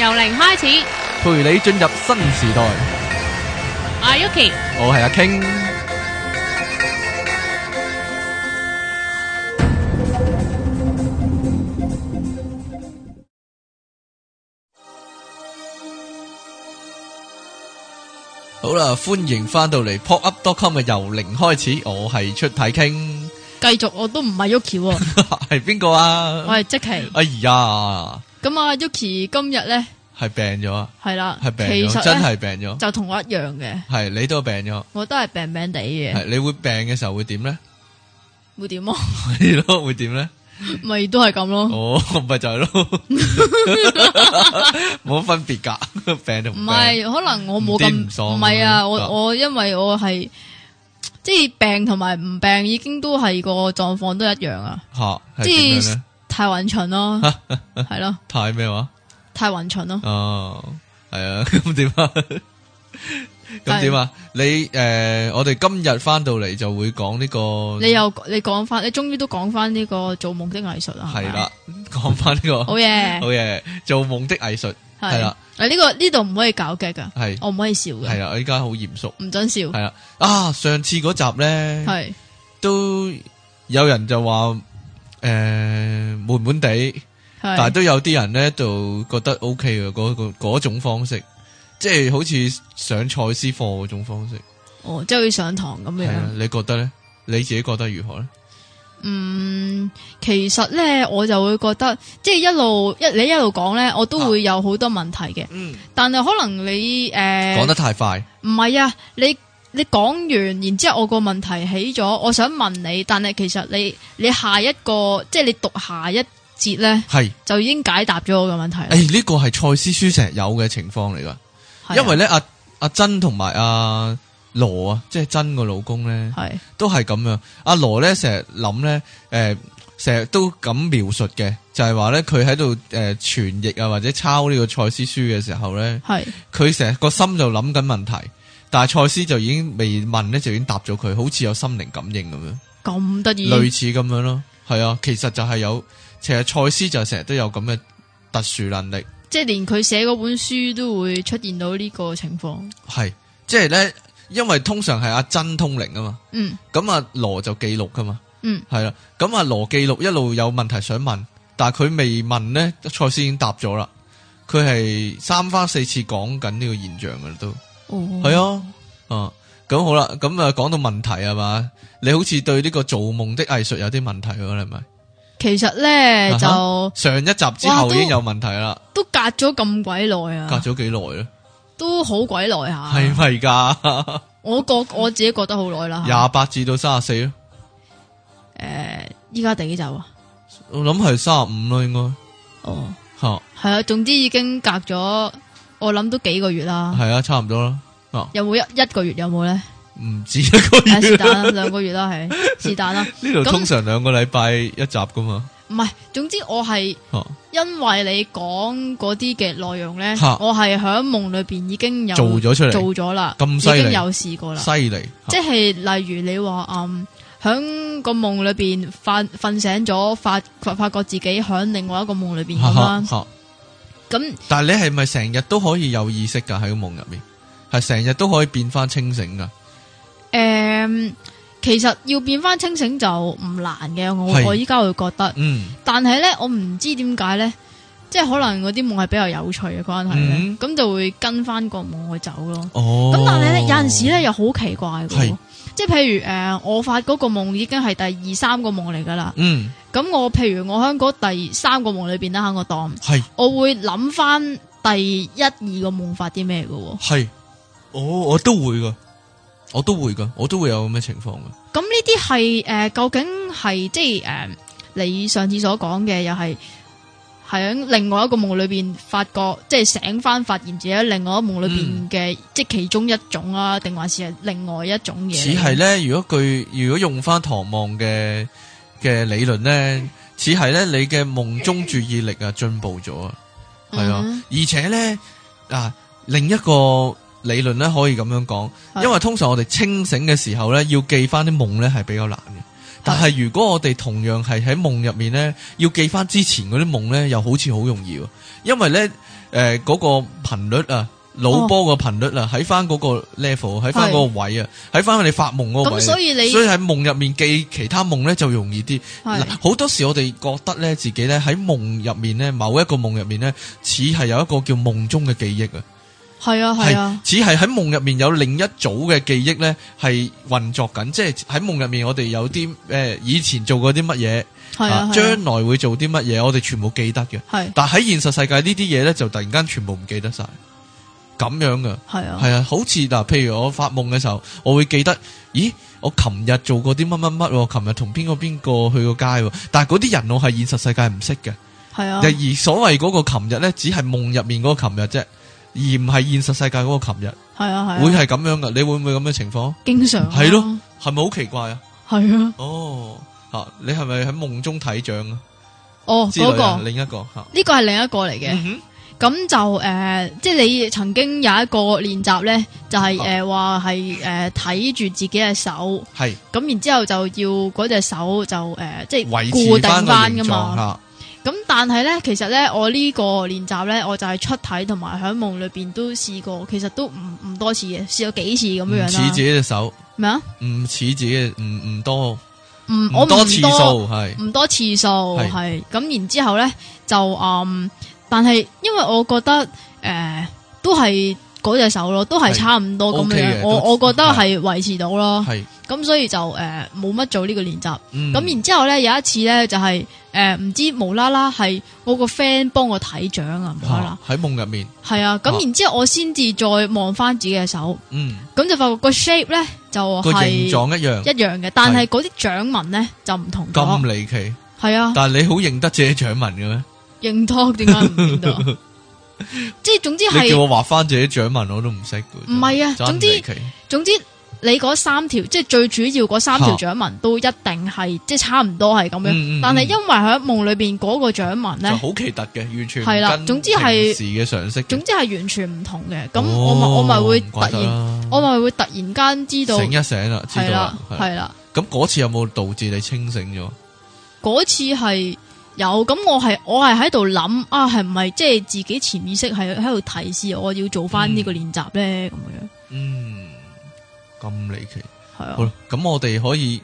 由零開始，陪你進入新時代。阿 Yuki，我係阿 King。好啦，歡迎翻到嚟 Pop Up Dot Com 嘅由零開始，我係出體傾。繼續，我都唔係 Yuki 喎，係邊個啊？我係即琪。哎呀！咁阿 Yuki 今日咧，係病咗。係啦，係病，其實真係病咗，就同我一樣嘅，係你都病咗，我都係病病地嘅，係你會病嘅時候會點咧？會點咯？係咯，會點咧？咪都係咁咯？哦，咪就係咯，冇分別噶，病都唔係可能我冇咁唔係啊！我我因為我係即係病同埋唔病已經都係個狀況都一樣啊！吓，即係。太混蠢咯，係 咯，太咩話？太混蠢咯。哦，係啊，咁點啊？咁點啊？你誒、呃，我哋今日翻到嚟就會講呢、這個。你又你講翻，你終於都講翻呢個做夢的藝術啦。係啦，講翻呢個。啊啊這個、 好嘢，好嘢，做夢的藝術係啦。誒、啊，呢、啊啊這個呢度唔可以搞嘅噶。係、啊，我唔可以笑嘅。係啊，我依家好嚴肅，唔准笑。係啦、啊，啊，上次嗰集咧，係、啊、都有人就話。誒、呃，悶悶地，但係都有啲人咧就覺得 O K 嘅嗰個種方式，即、就、係、是、好似上賽師課嗰種方式。哦，即係上堂咁樣、啊。你覺得咧？你自己覺得如何咧？嗯，其實咧我就會覺得，即、就、係、是、一路一你一路講咧，我都會有好多問題嘅、啊。嗯。但係可能你誒講、呃、得太快。唔係啊，你。你講完，然之後我個問題起咗，我想問你，但係其實你你下一個，即係你讀下一節咧，係就已經解答咗我嘅問題。誒，呢個係賽斯書成日有嘅情況嚟噶，因為咧阿阿珍同埋阿羅啊，即係珍個老公咧，係都係咁樣。阿羅咧成日諗咧，誒，成日都咁描述嘅，就係話咧佢喺度誒傳譯啊或者抄呢個賽斯書嘅時候咧，係佢成日個心就諗緊問題。但係賽斯就已經未問咧，就已經答咗佢，好似有心靈感應咁樣，咁得意，類似咁樣咯，係啊，其實就係有，其實賽斯就成日都有咁嘅特殊能力，即係連佢寫嗰本書都會出現到呢個情況，係，即係咧，因為通常係阿真通靈啊嘛，嗯，咁啊羅就記錄噶嘛，嗯，係啦、啊，咁啊羅記錄一路有問題想問，但係佢未問咧，賽斯已經答咗啦，佢係三番四次講緊呢個現象噶都。係、哦、啊，哦、嗯，咁好啦，咁啊，講到問題啊嘛，你好似對呢個做夢的藝術有啲問題喎，你係咪？其實咧就、啊、上一集之後已經有問題啦，都隔咗咁鬼耐啊，隔咗幾耐咧？都好鬼耐下，係咪噶？ 我覺得我自己覺得好耐啦，廿八至到卅四咯，誒、呃，依家第幾集啊？我諗係卅五咯，應該。哦，吓、啊，係啊，總之已經隔咗。我諗都幾個月啦，係啊，差唔多啦、啊。有冇一一個月有冇咧？唔止一個月，是但啦，兩個月啦，係是但啦。呢度通常兩個禮拜一集噶嘛。唔係，總之我係，因為你講嗰啲嘅內容咧、啊，我係喺夢裏邊已經有做咗出嚟，做咗啦，咁犀利、已經有試過啦，犀利、啊。即係例如你話，嗯，喺個夢裏邊瞓瞓醒咗，發發覺自己喺另外一個夢裏邊咁啦。啊啊啊咁，但係你係咪成日都可以有意識噶喺個夢入面？係成日都可以變翻清醒？噶誒、嗯，其實要變翻清醒就唔難嘅，我我依家會覺得，嗯。但係咧，我唔知點解咧，即係可能我啲夢係比較有趣嘅關係咁、嗯、就會跟翻個夢去走咯。哦。咁但係咧，有陣時咧又好奇怪的即係譬如誒、呃，我發嗰個夢已經係第二三個夢嚟噶啦，嗯，咁我譬如我喺嗰第三個夢裏邊咧，喺我當，係我會諗翻第一二個夢發啲咩噶喎，係，我都會噶，我都會噶，我都會有咁嘅情況噶。咁呢啲係誒，究竟係即係誒、呃，你上次所講嘅又係？喺另外一個夢裏邊發覺，即係醒翻發現自己喺另外一個夢裏邊嘅，即係其中一種啊，定還是係另外一種嘢？似係咧，如果佢如果用翻唐望嘅嘅理論咧，似係咧你嘅夢中注意力啊進步咗啊，係啊，而且咧啊另一個理論咧可以咁樣講，因為通常我哋清醒嘅時候咧要記翻啲夢咧係比較難嘅。但係如果我哋同樣係喺夢入面咧，要記翻之前嗰啲夢咧，又好似好容易，因為咧，誒、呃、嗰、嗰個頻率啊，腦波個頻率啊，喺翻嗰個 level，喺翻嗰個位啊，喺翻你發夢嗰個位，位所以你，所以喺夢入面記其他夢咧就容易啲。好多時我哋覺得咧自己咧喺夢入面咧，某一個夢入面咧似係有一個叫夢中嘅記憶啊。係啊，係啊，係啊，係啊，係只係喺夢入面有另一組嘅記憶咧，係運作緊，即係喺夢入面我哋有啲誒、呃、以前做過啲乜嘢，將、啊啊啊、來會做啲乜嘢，我哋全部記得嘅。係、啊，但喺現實世界這些東西呢啲嘢咧就突然間全部唔記得晒，咁樣嘅，係啊，係啊，好似嗱，譬如我發夢嘅時候，我會記得，咦，我琴日做過啲乜乜乜，琴日同邊個邊個去過街，但係嗰啲人我係現實世界唔識嘅，係啊。而所謂嗰個琴日咧，只係夢入面嗰個琴日啫。而唔係現實世界嗰個琴日，係啊係、啊，會係咁樣噶？你會唔會咁嘅情況？經常係、啊、咯，係咪好奇怪啊？係啊，哦，吓你係咪喺夢中睇掌啊？哦、oh，啊，嗰、那個另一個吓，呢、這個係另一個嚟嘅。咁、嗯、就誒、呃，即係你曾經有一個練習咧，就係誒話係誒睇住自己嘅手，係咁然後之後就要嗰隻手就誒即係固定翻噶嘛。咁但係咧，其實咧，我呢個練習咧，我就係出體同埋喺夢裏邊都試過，其實都唔唔多次嘅，試過幾次咁樣啦。似自己隻手咩啊？唔似自己嘅，唔唔多，唔我唔多，係唔多次數係。咁然之後咧就嗯，但係因為我覺得誒都係嗰隻手咯，都係差唔多咁樣。Okay、我我覺得係維持到咯。咁所以就誒冇乜做個練習，嗯、呢個練習，咁然之後咧有一次咧就係誒唔知無啦啦係我個 friend 幫我睇掌啊，喺夢入面係啊，咁然之後我先至再望翻自己嘅手，咁、嗯、就發覺個 shape 咧就個形狀，就係，一樣一樣嘅，但係嗰啲掌紋咧就唔同咁離奇，係啊，但係你好認得自己掌紋嘅咩？認得點解唔認得？ 即係總之係叫我畫翻自己掌紋我都唔識，唔係啊離奇，總之，總之。你嗰三條即係最主要嗰三條掌紋都一定係即係差唔多係咁樣，嗯嗯、但係因為喺夢裏邊嗰個掌紋咧，好奇特嘅，完全係啦。總之係平時嘅常識，總之係完全唔同嘅。咁我咪、哦、我咪會突然我咪會突然間知道醒一醒啦，知道啦，係啦。咁嗰次有冇導致你清醒咗？嗰次係有，咁我係我係喺度諗啊，係唔係即係自己潛意識係喺度提示我要做翻呢個練習咧？咁樣嗯。咁離奇係、啊、好啦，咁我哋可以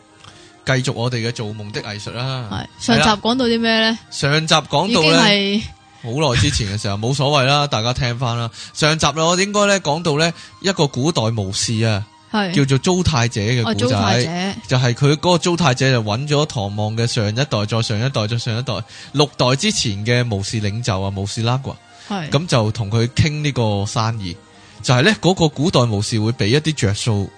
繼續我哋嘅造夢的藝術啦。係上集講到啲咩咧？上集講到咧，好耐之前嘅時候冇 所謂啦，大家聽翻啦。上集我應該咧講到咧一個古代巫師啊，係叫做租太者嘅古仔，就係佢嗰個租太者就揾咗唐望嘅上一代、再上一代、再上一代六代之前嘅巫士領袖啊，巫士啦啩，咁就同佢傾呢個生意，就係咧嗰個古代巫士會俾一啲着數。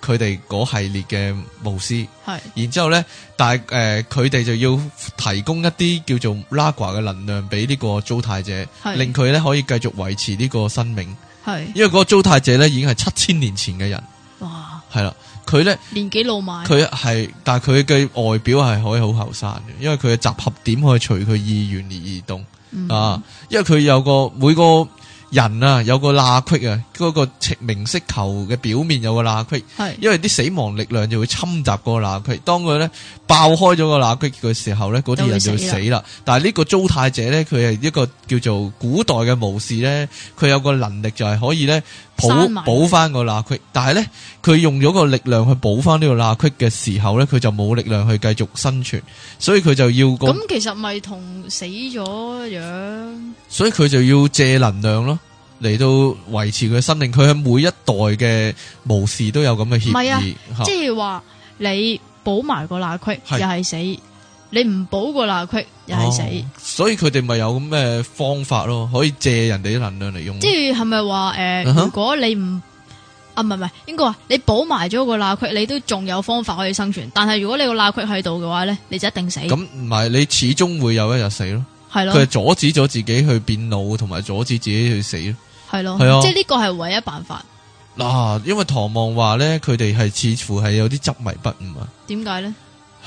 佢哋嗰系列嘅巫師，係，然之後咧，但係誒，呃、佢哋就要提供一啲叫做拉瓜嘅能量俾呢個租太者，令佢咧可以繼續維持呢個生命，係，因為嗰個租太者咧已經係七千年前嘅人，哇，係啦，佢咧年紀老邁，佢係，但係佢嘅外表係可以好後生嘅，因為佢嘅集合點可以隨佢意願而移動、嗯、啊，因為佢有個每個。人啊，有個罅隙啊，嗰個明色球嘅表面有個罅隙，因為啲死亡力量就會侵襲個罅隙。當佢咧爆開咗個罅隙嘅時候咧，嗰啲人就會死啦。但係呢個糟太者咧，佢係一個叫做古代嘅武士咧，佢有個能力就係可以咧。補補翻個罅隙，但係咧，佢用咗個力量去補翻呢個罅隙嘅時候咧，佢就冇力量去繼續生存，所以佢就要咁、那個、其實咪同死咗樣。所以佢就要借能量咯，嚟到維持佢嘅生命。佢喺每一代嘅巫師都有咁嘅協議，係啊，即係話你補埋個罅隙又係死。你唔補個罅隙，又係死，哦。所以佢哋咪有咁嘅方法咯，可以借人哋能量嚟用。即係咪話誒？呃 uh-huh. 如果你唔啊，唔係唔係，應該話你補埋咗個罅隙，你都仲有方法可以生存。但係如果你個罅隙喺度嘅話咧，你就一定死。咁唔係你始終會有一日死咯。係咯。佢係阻止咗自己去變老，同埋阻止自己去死咯。係咯。係啊。即係呢個係唯一辦法。嗱、啊，因為唐望話咧，佢哋係似乎係有啲執迷不悟啊。點解咧？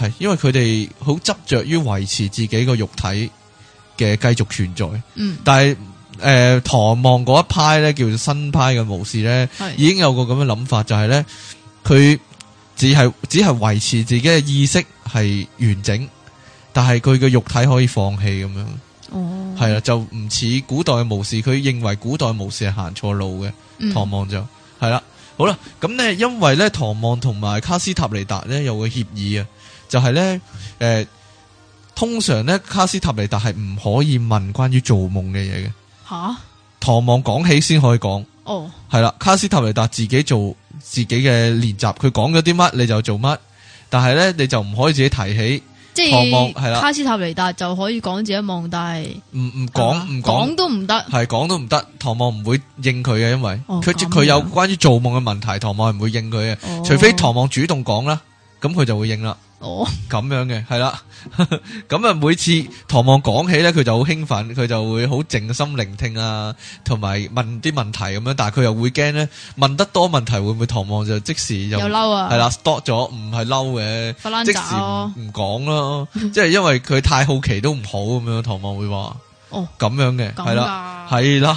係，因為佢哋好執着於維持自己個肉體嘅繼續存在。嗯，但係誒、呃，唐望嗰一派咧叫做新派嘅巫士咧，已經有個咁嘅諗法，就係咧佢只係只係維持自己嘅意識係完整，但係佢嘅肉體可以放棄咁樣。哦，係啦，就唔似古代嘅巫士，佢認為古代嘅巫士係行錯路嘅。唐望就係啦、嗯，好啦，咁咧因為咧唐望同埋卡斯塔尼達咧有個協議啊。就係、是、咧，誒、欸，通常咧，卡斯塔尼達係唔可以問關於做夢嘅嘢嘅。吓，唐望講起先可以講。哦，係啦，卡斯塔尼達自己做自己嘅練習，佢講咗啲乜你就做乜，但係咧你就唔可以自己提起。即係唐望係啦，卡斯塔尼達就可以講自己嘅夢，但係唔唔講唔講都唔得，係講都唔得。唐望唔會應佢嘅，因為佢佢、oh, 啊、有關於做夢嘅問題，唐望係唔會應佢嘅，oh. 除非唐望主動講啦，咁佢就會應啦。哦，咁樣嘅係啦，咁啊 每次唐望講起咧，佢就好興奮，佢就會好靜心聆聽啊，同埋問啲問題咁樣，但係佢又會驚咧問得多問題會唔會唐望就即時就，嬲啊？係啦，stop 咗唔係嬲嘅，即時唔講咯，即係 因為佢太好奇都唔好咁樣。唐望會話哦咁樣嘅係啦，係啦，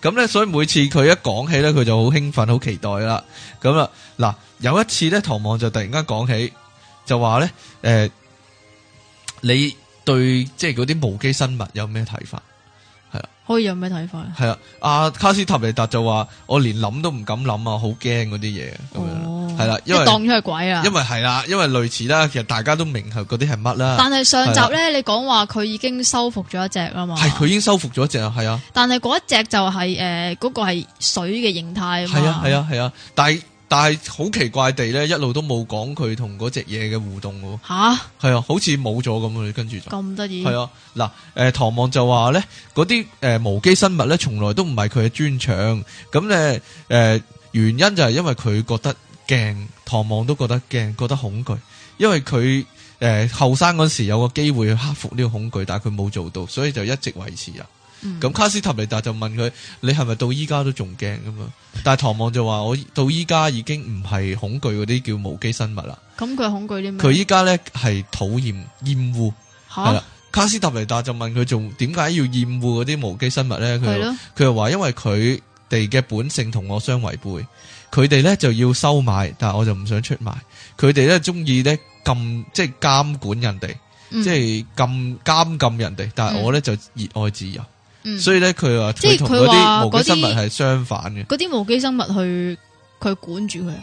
咁咧所以每次佢一講起咧，佢就好興奮，好期待啦。咁啊嗱，有一次咧，唐望就突然間講起。就話咧，誒、欸，你對即係嗰啲無機生物有咩睇法？係啦、啊，可以有咩睇法？係啦、啊，阿、啊、卡斯塔尼達就話：我連諗都唔敢諗啊，好驚嗰啲嘢咁樣。係、哦、啦，因為當咗係鬼啊。因為係啦、啊，因為類似啦，其實大家都明係嗰啲係乜啦。但係上集咧、啊，你講話佢已經收服咗一隻啊嘛。係，佢已經收服咗一隻，係啊。但係嗰一隻就係、是、誒，嗰、呃那個係水嘅形態啊。係啊，係啊，係啊，但係。但係好奇怪地咧，一路都冇講佢同嗰隻嘢嘅互動喎。吓？係啊，好似冇咗咁啊，跟住就咁得意。係啊，嗱，誒唐望就話咧，嗰啲誒無機生物咧，從來都唔係佢嘅專長。咁咧誒原因就係因為佢覺得驚，唐望都覺得驚，覺得恐懼。因為佢誒後生嗰時有個機會去克服呢個恐懼，但係佢冇做到，所以就一直維持啊。咁、嗯、卡斯塔尼達就問佢：你係咪到依家都仲驚咁啊？但係唐望就話：我到依家已經唔係恐懼嗰啲叫無機生物啦。咁佢恐懼啲咩？佢依家咧係討厭厭惡。係啦，卡斯塔尼達就問佢仲點解要厭惡嗰啲無機生物咧？佢佢又話，因為佢哋嘅本性同我相違背，佢哋咧就要收買，但係我就唔想出賣。佢哋咧中意咧咁即係監管人哋，嗯，即係咁監禁人哋，但係我咧就熱愛自由。嗯、所以咧，佢話即係佢話嗰啲無機生物係相反嘅，嗰啲無機生物去佢管住佢誒、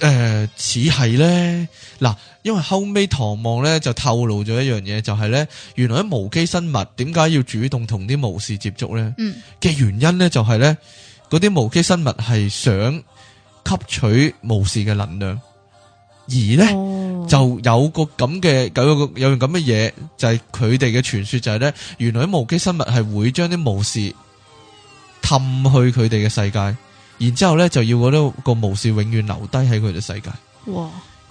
呃、似係咧嗱，因為後尾唐望咧就透露咗一樣嘢，就係、是、咧原來啲無機生物點解要主動同啲巫士接觸咧嘅原因咧就係咧嗰啲無機生物係想吸取巫士嘅能量，而咧。哦就有個咁嘅，有個有樣咁嘅嘢，就係佢哋嘅傳說就係咧，原來啲無機生物係會將啲巫士氹去佢哋嘅世界，然之後咧就要嗰啲個巫士永遠留低喺佢哋世界。哇！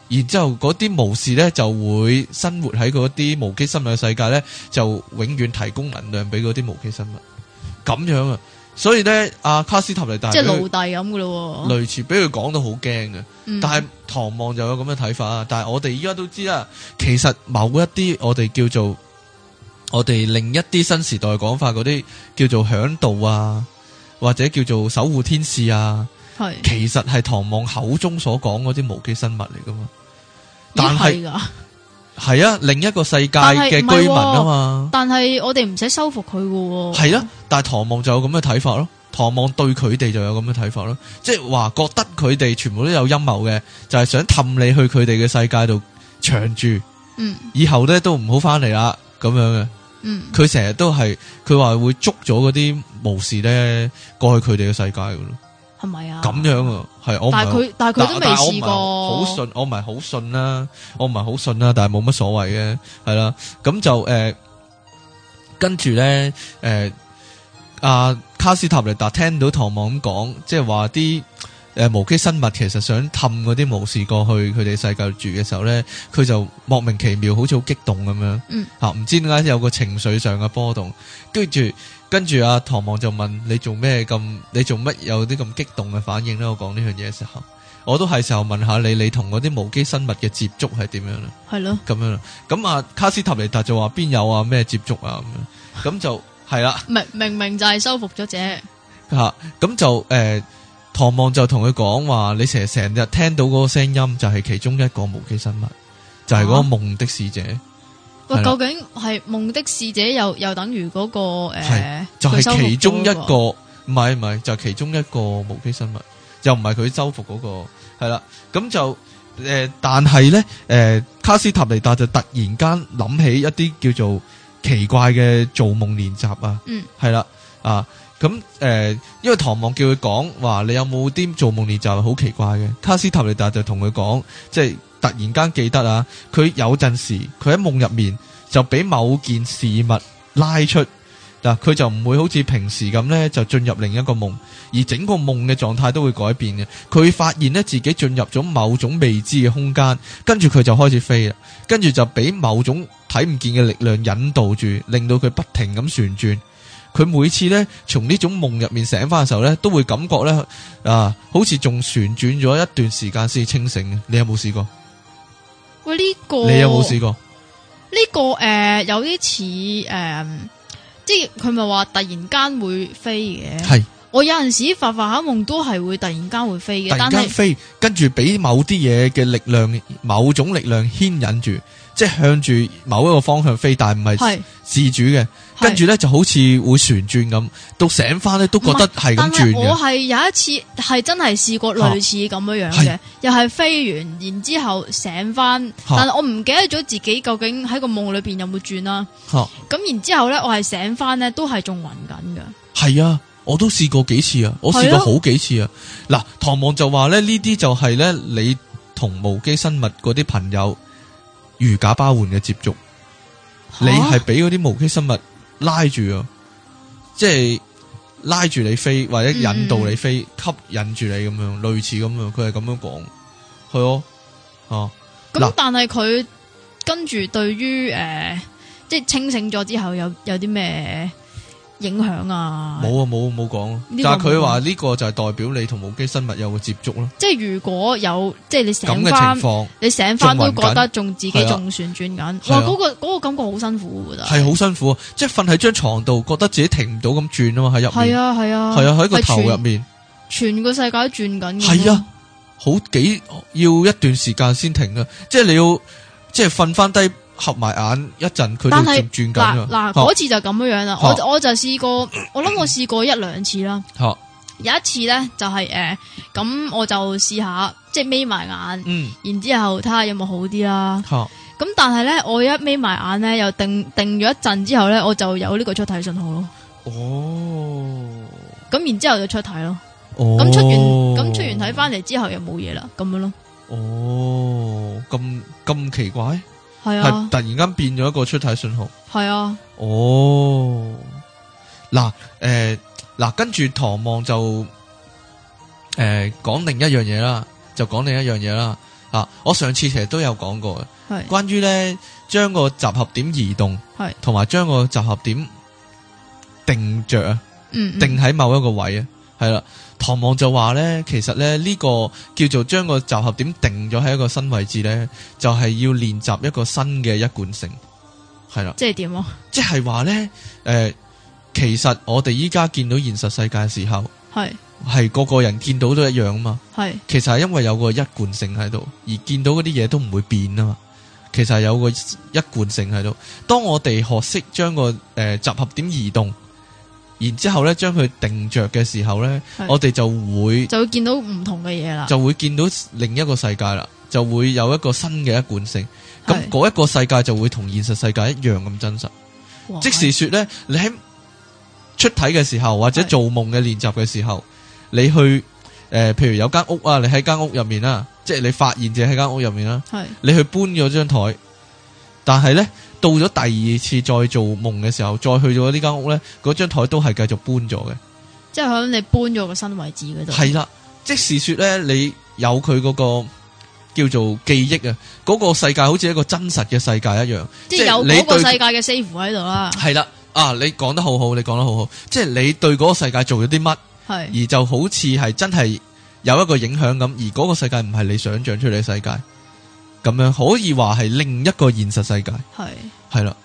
然之後嗰啲巫士咧就會生活喺嗰啲無機生物嘅世界咧，就永遠提供能量俾嗰啲無機生物。咁樣啊！所以咧，阿、啊、卡斯塔尼大，即係奴隸咁噶咯。類似，俾佢講到好驚嘅。但係唐望就有咁嘅睇法啊。但係我哋而家都知啦，其實某一啲我哋叫做我哋另一啲新時代講法嗰啲叫做嚮導啊，或者叫做守護天使啊，係其實係唐望口中所講嗰啲無機生物嚟噶嘛。但係。係啊，另一個世界嘅居民啊嘛，但係我哋唔使收服佢嘅，係啊，但係唐望就有咁嘅睇法咯，唐望對佢哋就有咁嘅睇法咯，即係話覺得佢哋全部都有陰謀嘅，就係想氹你去佢哋嘅世界度長住，嗯，以後咧都唔好翻嚟啦，咁樣嘅，嗯，佢成日都係，佢話會捉咗嗰啲巫師咧過去佢哋嘅世界噶咯，係咪啊？咁樣啊？係我是，但係佢，但係佢都未試過。好信，我唔係好信啦，我唔係好信啦，但係冇乜所謂嘅，係啦，咁就誒、呃，跟住咧，誒、呃，阿、啊、卡斯塔利達聽到唐望咁講，即係話啲誒無機生物其實想氹嗰啲巫士過去佢哋世界住嘅時候咧，佢就莫名其妙好似好激動咁樣，嗯，吓唔知點解有個情緒上嘅波動，跟住。跟住阿唐望就問你做咩咁，你做乜有啲咁激動嘅反應咧？我講呢樣嘢嘅時候，我都係時候問下你，你同嗰啲無機生物嘅接觸係點樣咧？係咯，咁樣啦。咁啊，卡斯塔尼達就話邊有啊咩接觸啊咁樣，咁 就係啦。明明明就係收服咗者吓，咁、啊、就誒、呃，唐望就同佢講話，你成日成日聽到嗰個聲音，就係其中一個無機生物，就係、是、嗰個夢的使者。啊喂，究竟係夢的使者又又等於嗰，那個誒，呃，就係，是，其中一個，唔係唔係，就係，是，其中一個無機生物，又唔係佢修復嗰個，係啦。咁就誒，呃，但係咧，誒，呃，卡斯塔尼達就突然間諗起一啲叫做奇怪嘅做夢練習啊，嗯，係啦，啊，咁誒，呃，因為唐望叫佢講話，你有冇啲做夢練習好奇怪嘅？卡斯塔尼達就同佢講，即係。突然間記得啊，佢有陣時佢喺夢入面就俾某件事物拉出嗱，佢、啊、就唔會好似平時咁呢，就進入另一個夢，而整個夢嘅狀態都會改變嘅。佢發現呢，自己進入咗某種未知嘅空間，跟住佢就開始飛啦，跟住就俾某種睇唔見嘅力量引導住，令到佢不停咁旋轉。佢每次呢，從呢種夢入面醒翻嘅時候呢，都會感覺呢，啊，好似仲旋轉咗一段時間先清醒。你有冇試過？喂，呢個你有冇試過？呢個誒，有啲似誒，即係佢咪話突然間會飛嘅。係，我有陣時發發下夢，都係會突然間會飛嘅。突然間飛，跟住俾某啲嘢嘅力量，某種力量牽引住，即係向住某一個方向飛，但係唔係自主嘅。跟住咧就好似會旋轉咁，到醒翻咧都覺得係咁轉嘅。但係我係有一次係真係試過類似咁樣樣嘅、啊，又係飛完，然之後醒翻、啊，但係我唔記得咗自己究竟喺個夢裏邊有冇轉啦。咁、啊、然之後咧，我係醒翻咧都係仲暈緊嘅。係啊，我都試過幾次啊，我試過好幾次啊。嗱，唐望就話咧，呢啲就係咧你同無機生物嗰啲朋友如假包換嘅接觸，啊、你係俾嗰啲無機生物。拉住啊，即係拉住你飛，或者引導你飛，嗯、吸引住你咁樣，類似咁樣，佢係咁樣講，係哦，啊，咁、嗯、但係佢跟住對於誒、呃，即係清醒咗之後有有啲咩？影響啊！冇啊，冇冇講，但係佢話呢個就係代表你同無機生物有個接觸咯。即係如果有，即係你醒翻，你醒翻都覺得仲自己仲旋轉緊。哇，嗰、啊嗰個、嗰個感覺好辛苦噶，係好辛苦，即係瞓喺張床度，覺得自己停唔到咁轉啊嘛，喺入面係啊係啊係啊喺個頭入面，啊啊、面全個世界都轉緊嘅。係啊，好幾要一段時間先停啊，即係你要即係瞓翻低。合埋眼一陣，佢就轉緊嗱嗱，嗰次就咁樣樣啦、啊。我就我就試過，我諗我試過一兩次啦、啊。有一次咧就係、是、誒，咁、呃、我就試下即係眯埋眼，嗯、然之後睇下有冇好啲啦。吓、啊，咁但係咧，我一眯埋眼咧，又定定咗一陣之後咧，我就有呢個出體信號咯。哦，咁然之後就出體咯。哦，咁出完咁出完體翻嚟之後又冇嘢啦，咁樣咯。哦，咁咁奇怪。係啊，突然間變咗一個出體信號。係啊，哦，嗱、呃，誒、呃，嗱、呃，跟住唐望就，誒、呃，講另一樣嘢啦，就講另一樣嘢啦。啊，我上次其實都有講過，係關於咧將個集合點移動，係，同埋將個集合點定着啊嗯，嗯，定喺某一個位啊，係啦。唐望就話呢，其實呢，呢、呢個叫做將個集合點定咗喺一個新位置呢，就係、是、要練習一個新嘅一貫性，係啦。即係點啊？即係話呢，誒、呃，其實我哋依家見到現實世界嘅時候，係係個個人見到都一樣啊嘛。係，其實係因為有一個一貫性喺度，而見到嗰啲嘢都唔會變啊嘛。其實係有一個一貫性喺度。當我哋學識將個誒集合點移動。然之後咧，將佢定着嘅時候咧，我哋就會就會見到唔同嘅嘢啦，就會見到另一個世界啦，就會有一個新嘅一貫性。咁嗰一個世界就會同現實世界一樣咁真實。即使說咧，你喺出體嘅時候，或者做夢嘅練習嘅時候，你去誒、呃，譬如有間屋啊，你喺間屋入面啦，即係你發現自己喺間屋入面啦，係你去搬咗張台，但係咧。到咗第二次再做夢嘅時候，再去咗呢間屋呢，嗰張台都係繼續搬咗嘅，即係喺你搬咗個新位置嗰度。係啦，即是即說呢，你有佢嗰個叫做記憶啊，嗰個世界好似一個真實嘅世界一樣，即係有嗰個世界嘅似乎喺度啦。係啦，啊，你講得好好，你講得好好，即係你對嗰個世界做咗啲乜，係而就好似係真係有一個影響咁，而嗰個世界唔係你想象出嚟嘅世界。咁樣可以話係另一個現實世界，係係啦。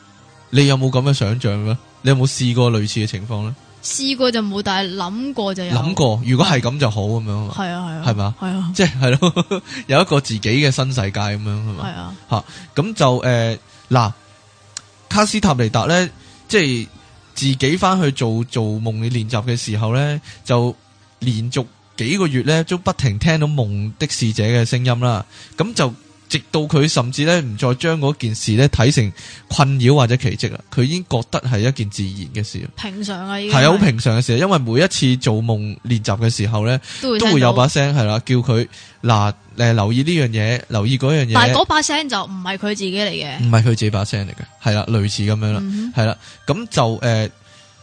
你有冇咁樣想象咩？你有冇試過類似嘅情況咧？試過就冇，但係諗過就有。諗過，如果係咁就好咁、嗯、樣。係啊係，係嘛，係啊，即係係咯，啊、 有一個自己嘅新世界咁樣係嘛。係啊，吓、啊、咁就誒嗱、呃，卡斯塔尼達咧，即係自己返去做做夢嘅練習嘅時候咧，就連續幾個月咧，都不停聽到夢的使者嘅聲音啦。咁就。直到佢甚至咧唔再將嗰件事咧睇成困擾或者奇蹟啦，佢已經覺得係一件自然嘅事，平常啊，係好平常嘅事。因為每一次做夢練習嘅時候咧，都會有把聲係啦，叫佢嗱誒留意呢樣嘢，留意嗰樣嘢。但係嗰把聲就唔係佢自己嚟嘅，唔係佢自己把聲嚟嘅，係啦，類似咁樣啦，係、嗯、啦，咁就誒誒、呃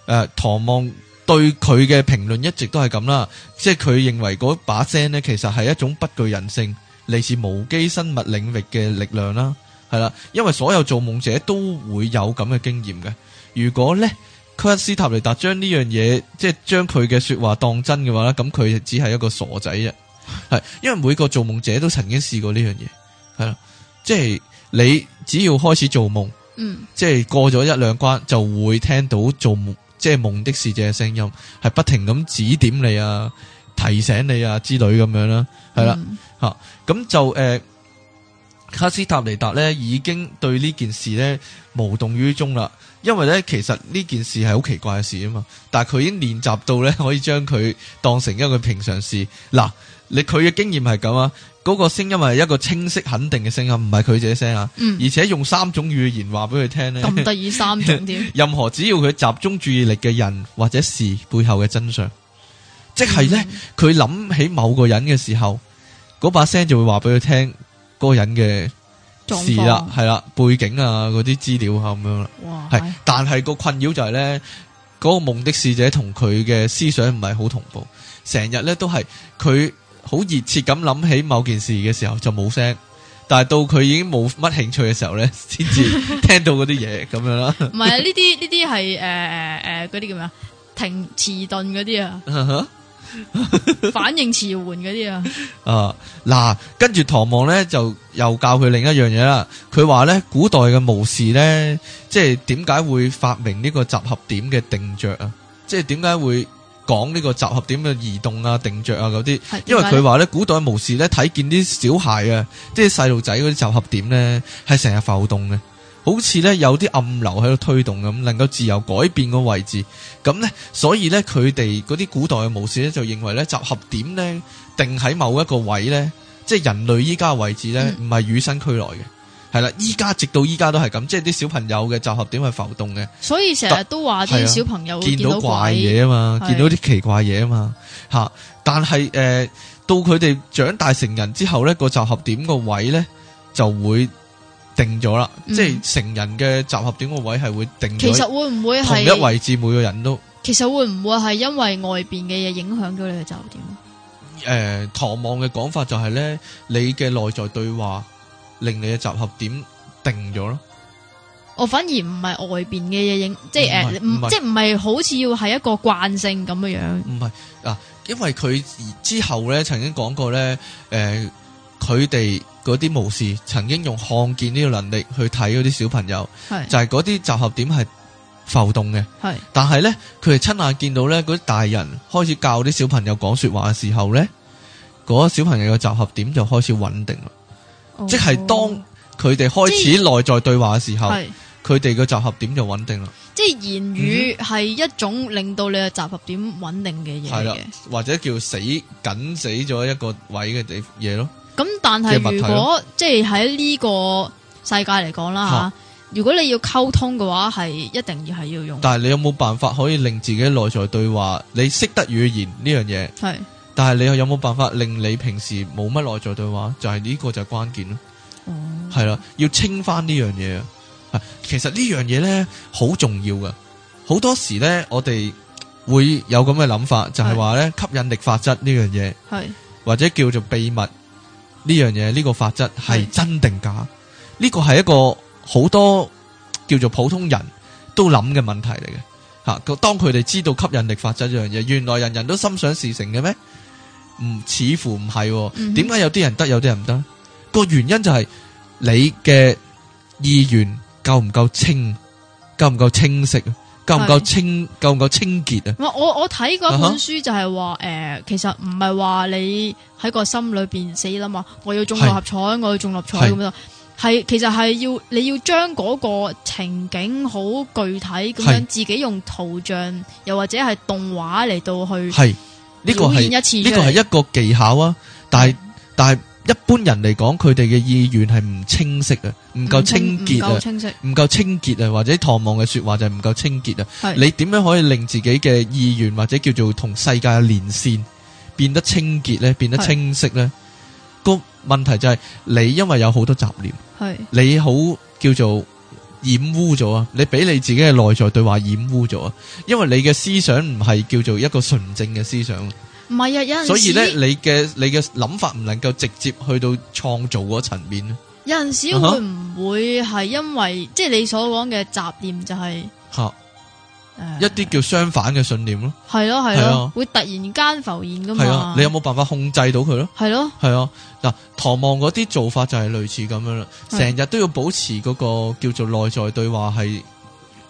呃，唐望對佢嘅評論一直都係咁啦，即係佢認為嗰把聲咧其實係一種不具人性。嚟自無機生物領域嘅力量啦，係啦，因為所有做夢者都會有咁嘅經驗嘅。如果咧，克斯塔尼達將呢樣嘢即係將佢嘅說話當真嘅話咧，咁佢只係一個傻仔啫，係，因為每個做夢者都曾經試過呢樣嘢，係啦，即係你只要開始做夢，嗯，即係過咗一兩關就會聽到做夢，即係夢的使者嘅聲音，係不停咁指點你啊、提醒你啊之類咁樣啦，係啦。嗯咁就誒、呃，卡斯塔尼達咧已經對呢件事咧無動於衷啦，因為咧其實呢件事係好奇怪嘅事啊嘛，但係佢已經練習到咧可以將佢當成一個平常事。嗱，你佢嘅經驗係咁啊，嗰、那個聲音係一個清晰肯定嘅聲音，唔係佢自己聲啊，而且用三種語言話俾佢聽咧，咁得意三種點，任何只要佢集中注意力嘅人或者事背後嘅真相，即係咧佢諗起某個人嘅時候。嗰把聲就會話俾佢聽個人嘅事啦，係啦背景啊，嗰啲資料啊咁樣啦。哇！係，但係個困擾就係咧，嗰個夢的使者同佢嘅思想唔係好同步，成日咧都係佢好熱切咁諗起某件事嘅時候就冇聲，但係到佢已經冇乜興趣嘅時候咧，先至聽到嗰啲嘢咁樣啦。唔係啊，呢啲呢啲係誒誒誒嗰啲叫咩啊？停遲鈍嗰啲啊。 反應遲緩嗰啲啊，誒、啊，嗱、啊，跟住唐望咧就又教佢另一樣嘢啦。佢話咧，古代嘅巫師咧，即係點解會發明呢個集合點嘅定着啊？即係點解會講呢個集合點嘅移動啊、定着啊嗰啲？因為佢話咧，古代嘅巫師咧睇見啲小孩啊，即係細路仔嗰啲集合點咧係成日浮動嘅。好似咧有啲暗流喺度推動咁，能夠自由改變個位置。咁咧，所以咧佢哋嗰啲古代嘅巫士咧就認為咧集合點咧定喺某一個位咧，即係人類依家嘅位置咧唔係與生俱來嘅。係啦，依家直到依家都係咁，即係啲小朋友嘅集合點係浮動嘅。所以成日都話啲小朋友見到怪嘢啊嘛，見到啲奇怪嘢啊嘛。吓，但係誒到佢哋長大成人之後咧，個集合點個位咧就會。定咗啦，即係成人嘅集合點個位係會定咗。其實會唔會係同一位置，每個人都？其實會唔會係因為外邊嘅嘢影響咗你嘅集合點？誒，唐望嘅講法就係咧，你嘅內在對話令你嘅集合點定咗咯。我反而唔係外邊嘅嘢影，即係誒，唔即係唔係好似要係一個慣性咁嘅樣。唔係啊，因為佢之後咧曾經講過咧，誒。佢哋嗰啲巫師曾經用看見呢個能力去睇嗰啲小朋友，就係嗰啲集合點係浮動嘅。係，但係呢，佢哋親眼見到呢，嗰啲大人開始教啲小朋友講說話嘅時候呢，嗰、那個、小朋友嘅集合點就開始穩定啦、哦。即係當佢哋開始內在對話嘅時候，佢哋嘅集合點就穩定啦。即係言語係一種令到你嘅集合點穩定嘅嘢、嗯、或者叫死緊死咗一個位嘅地嘢咯。咁但係如果即係喺呢個世界嚟講啦吓，如果你要溝通嘅話，係一定要係要用。但係你有冇辦法可以令自己內在對話？你識得語言呢樣嘢係，但係你又有冇辦法令你平時冇乜內在對話？就係、是、呢個就係關鍵咯。哦、嗯，係啦，要清翻呢樣嘢啊！其實呢樣嘢咧好重要噶，好多時咧我哋會有咁嘅諗法，就係話咧吸引力法則呢樣嘢係，或者叫做秘密。呢樣嘢呢個法則係真定假？呢個係一個好多叫做普通人都諗嘅問題嚟嘅。吓，當佢哋知道吸引力法則呢樣嘢，原來人人都心想事成嘅咩？唔、嗯，似乎唔係喎。點解有啲人得，有啲人唔得？個原因就係你嘅意願夠唔夠清，夠唔夠清晰？夠唔夠清？夠唔夠清潔啊？我我我睇過一本書就係話，誒、uh -huh. 呃，其實唔係話你喺個心裏邊死啦嘛，我要中六合彩，我要中六合彩咁樣，係其實係要你要將嗰個情景好具體咁樣，自己用圖像又或者係動畫嚟到去係呢、這個表演一次。呢、這個係一個技巧啊、嗯！但係但係。一般人嚟講，佢哋嘅意願係唔清晰啊，唔夠清潔啊，唔夠清晰，唔夠清潔啊，或者唐望嘅說話就係唔夠清潔啊。你點樣可以令自己嘅意願或者叫做同世界嘅連線變得清潔呢？變得清晰呢？個問題就係、是、你因為有好多雜念，係你好叫做染污咗啊，你俾你自己嘅內在對話染污咗啊，因為你嘅思想唔係叫做一個純正嘅思想。唔係啊，有陣時所以咧，你嘅你嘅諗法唔能夠直接去到創造嗰層面咧。有陣時會唔會係因為、uh -huh. 即係你所講嘅雜念就係、是、吓、啊呃，一啲叫相反嘅信念咯。係咯係咯，會突然間浮現噶嘛、啊？你有冇辦法控制到佢咯？係咯，係啊。嗱、啊，唐望嗰啲做法就係類似咁樣啦，成日、啊、都要保持嗰個叫做內在對話係。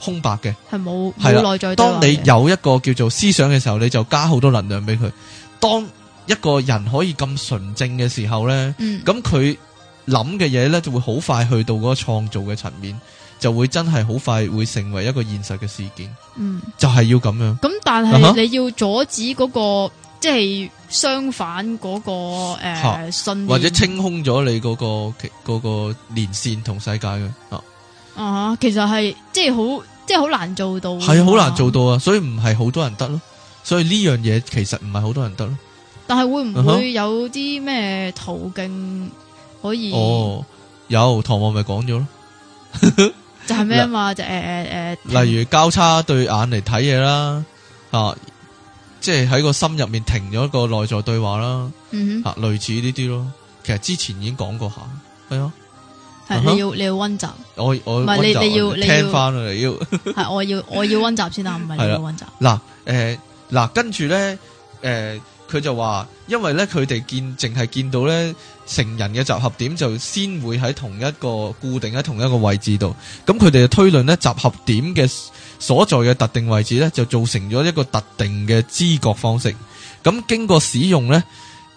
空白嘅，係冇，係啊。當你有一個叫做思想嘅時候，你就加好多能量俾佢。當一個人可以咁純正嘅時候咧，嗯，咁佢諗嘅嘢咧就會好快去到嗰個創造嘅層面，就會真係好快會成為一個現實嘅事件。嗯，就係要咁樣。咁但係你要阻止嗰個，即係相反嗰個誒信或者清空咗你嗰個其嗰個連線同世界嘅，啊啊，其實係即係好。即係好難做到，係啊，好難做到啊、嗯！所以唔係好多人得咯，所以呢樣嘢其實唔係好多人得咯。但係會唔會有啲咩途徑可以、嗯？哦，有唐望咪講咗咯，就係、是、咩 嘛？就誒誒誒，例如交叉對眼嚟睇嘢啦，即係喺個心入面停咗一個內在對話啦、嗯，啊，類似呢啲咯。其實之前已經講過下，係啊。係你要你要温習，我我唔係你你要你要聽翻啦，你要係、uh-huh, 我,我要,要,我,要,要 我要温習先啦，唔係你要温習。嗱誒嗱，跟住咧誒，佢、呃、就話，因為咧佢哋見淨係見到咧成人嘅集合點，就先會喺同一個固定喺同一個位置度。咁佢哋就推論咧，集合點嘅所在嘅特定位置咧，就造成咗一個特定嘅知覺方式。咁經過使用咧，誒、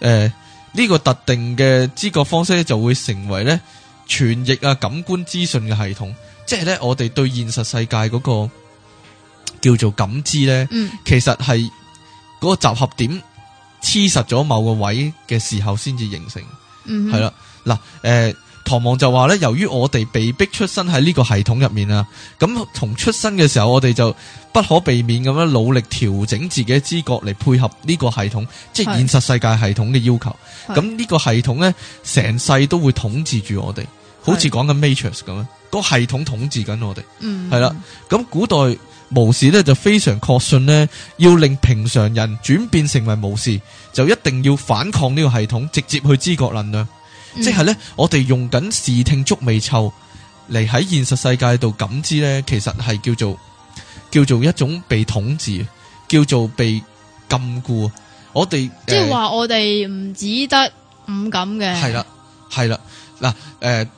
呃、呢、這個特定嘅知覺方式咧，就會成為咧。傳譯啊，感官資訊嘅系統，即係咧，我哋對現實世界嗰個叫做感知咧，嗯，其實係嗰個集合點黐實咗某個位嘅時候，先至形成，嗯，係啦，嗱，誒，唐望就話咧，由於我哋被逼出生喺呢個系統入面啊，咁從出生嘅時候，我哋就不可避免咁樣努力調整自己嘅知覺嚟，配合呢個系統，即係現實世界系統嘅要求，咁呢個系統咧，成世都會統治住我哋。好似講緊 matrix 咁樣，個系統統治緊我哋，係、嗯、啦。咁古代巫士咧就非常確信咧，要令平常人轉變成為巫士，就一定要反抗呢個系統，直接去知覺能量。嗯、即係咧，我哋用緊視聽觸味嗅嚟喺現實世界度感知咧，其實係叫做叫做一種被統治，叫做被禁錮。我哋即係話我哋唔只得五感嘅，係啦，係啦。嗱、呃，誒。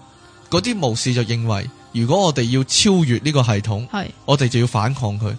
嗰啲巫師就認為，如果我哋要超越呢個系統，我哋就要反抗佢，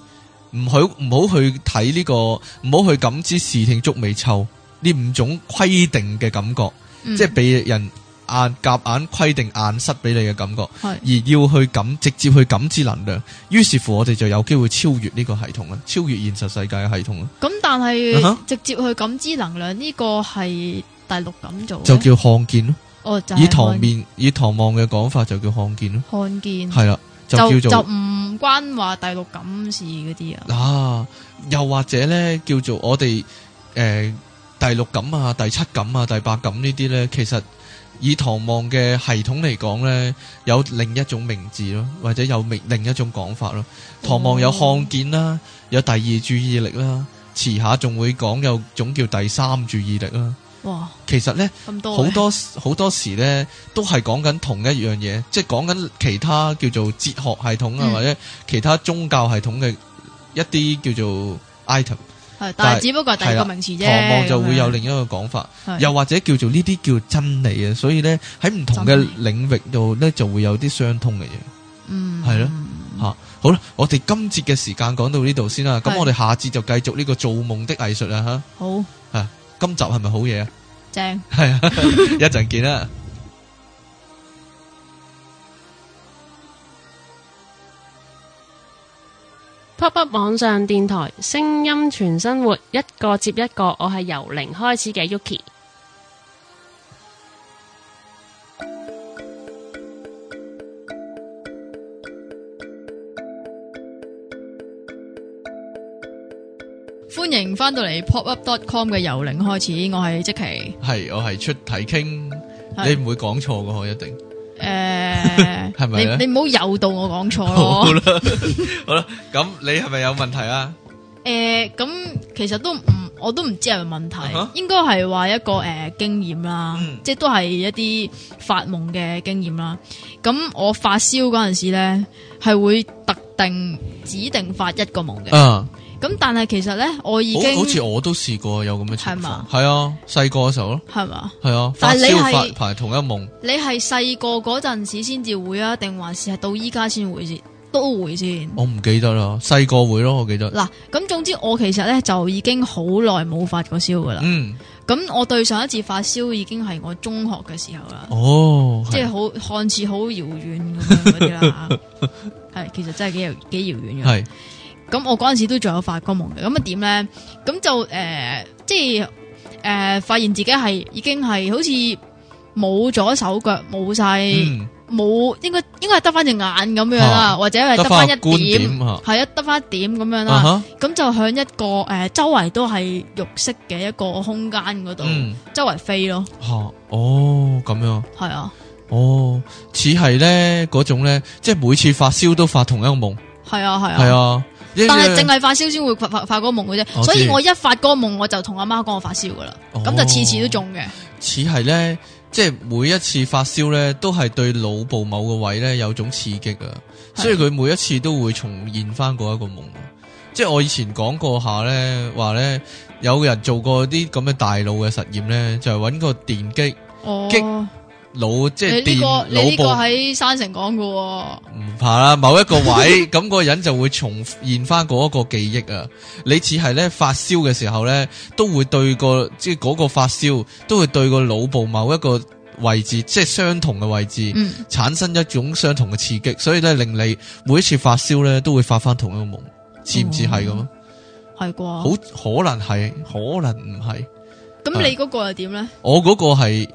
唔好唔好去睇呢，這個，唔好去感知視聽觸味嗅呢五種規定嘅感覺，嗯、即係俾人硬夾硬規定硬塞俾你嘅感覺，而要去感直接去感知能量，於是乎我哋就有機會超越呢個系統啊，超越現實世界嘅系統啊。咁但係直接去感知能量呢，uh -huh. 這個係大陸咁做，就叫看見咯。哦，就是、以唐面以唐望嘅講法就叫看見咯，看見係啦，就叫做就唔關話第六感事嗰啲啊。啊，又或者咧叫做我哋誒、呃、第六感啊、第七感啊、第八感這呢啲咧，其實以唐望嘅系統嚟講咧，有另一種名字咯，或者有另另一種講法咯。唐望有看見啦、嗯，有第二注意力啦，遲下仲會講有種叫第三注意力啦。哇，其實咧好多好多時咧都係講緊同一樣嘢，即係講緊其他叫做哲學系統啊，嗯，或者其他宗教系統嘅一啲叫做 item，嗯，但係只不過係第二個名詞啫，唐望就會有另一個講法，又或者叫做呢啲叫真理啊，所以咧喺唔同嘅領域度咧就會有啲相通嘅嘢，係咯吓，好啦，我哋今節嘅時間講到呢度先啦，咁我哋下節就繼續呢個做夢的藝術啊吓，好啊。今集係咪好嘢啊？正係啊！一陣見啦。Pop Up 網上電台，聲音全生活，一個接一個。我係由零開始嘅 Yuki。翻到嚟 popup.com 嘅由零開始，我係即期，係我係出題傾，你唔會講錯噶，我一定。誒、呃，係 咪你你唔好誘導我講錯咯。好啦，好啦，咁 你係咪有問題啊？誒、呃，咁其實都唔，我都唔知係咪問題，uh -huh. 應該係話一個誒、呃、經驗啦，uh -huh. 即係都係一啲發夢嘅經驗啦。咁我發燒嗰陣時咧，係會特定指定發一個夢嘅。嗯、uh -huh.。咁但係其實咧，我已經好似我都試過有咁嘅情況。係啊，細個嗰時候咯。係嘛？係啊。但係你發燒發排同一夢。你係細個嗰陣時先至會啊，定還是係到依家先會先？都會先。我唔記得啦，細個會咯，我記得。嗱，咁總之我其實咧，就已經好耐冇發過燒噶啦。嗯。咁我對上一次發燒已經係我中學嘅時候啦。哦。即係好看似好遙遠咁樣嗰啲啦，係 其實真係幾遙幾遙遠嘅。係。咁我嗰陣時都仲有發過夢嘅，咁啊點咧？咁就誒、呃，即係誒、呃，發現自己係已經係好似冇咗手腳，冇晒，冇、嗯、應該應該係得翻隻眼咁樣啦、啊，或者係得翻一點，係啊，得翻一點咁樣啦。咁就響一個誒、呃，周圍都係肉色嘅一個空間嗰度，周圍飛咯。哦，咁樣係啊，哦，似係咧嗰種咧，即係每次發燒都發同一個夢。係啊，係啊，係啊。但係淨係發燒先會發發嗰個夢嘅啫，所以我一發嗰個夢我就同阿媽講我發燒噶啦，咁、哦、就次次都中嘅。似係咧，即係每一次發燒咧，都係對腦部某個位咧有種刺激啊，所以佢每一次都會重現翻嗰一個夢。即係我以前講過下咧，話咧有人做過啲咁嘅大腦嘅實驗咧，就係、係、揾個電擊激、哦腦即係你腦、這個喺山城講過、哦，唔怕啦。某一個位，咁 個人就會重現翻嗰一個記憶啊！你似係咧發燒嘅時候咧，都會對個即係嗰個發燒，都會對個腦部某一個位置，即係相同嘅位置、嗯，產生一種相同嘅刺激，所以咧令你每一次發燒咧都會發翻同一個夢，似唔似係咁？係、哦、啩？好可能係，可能唔係。咁你嗰個又點咧？我嗰個係。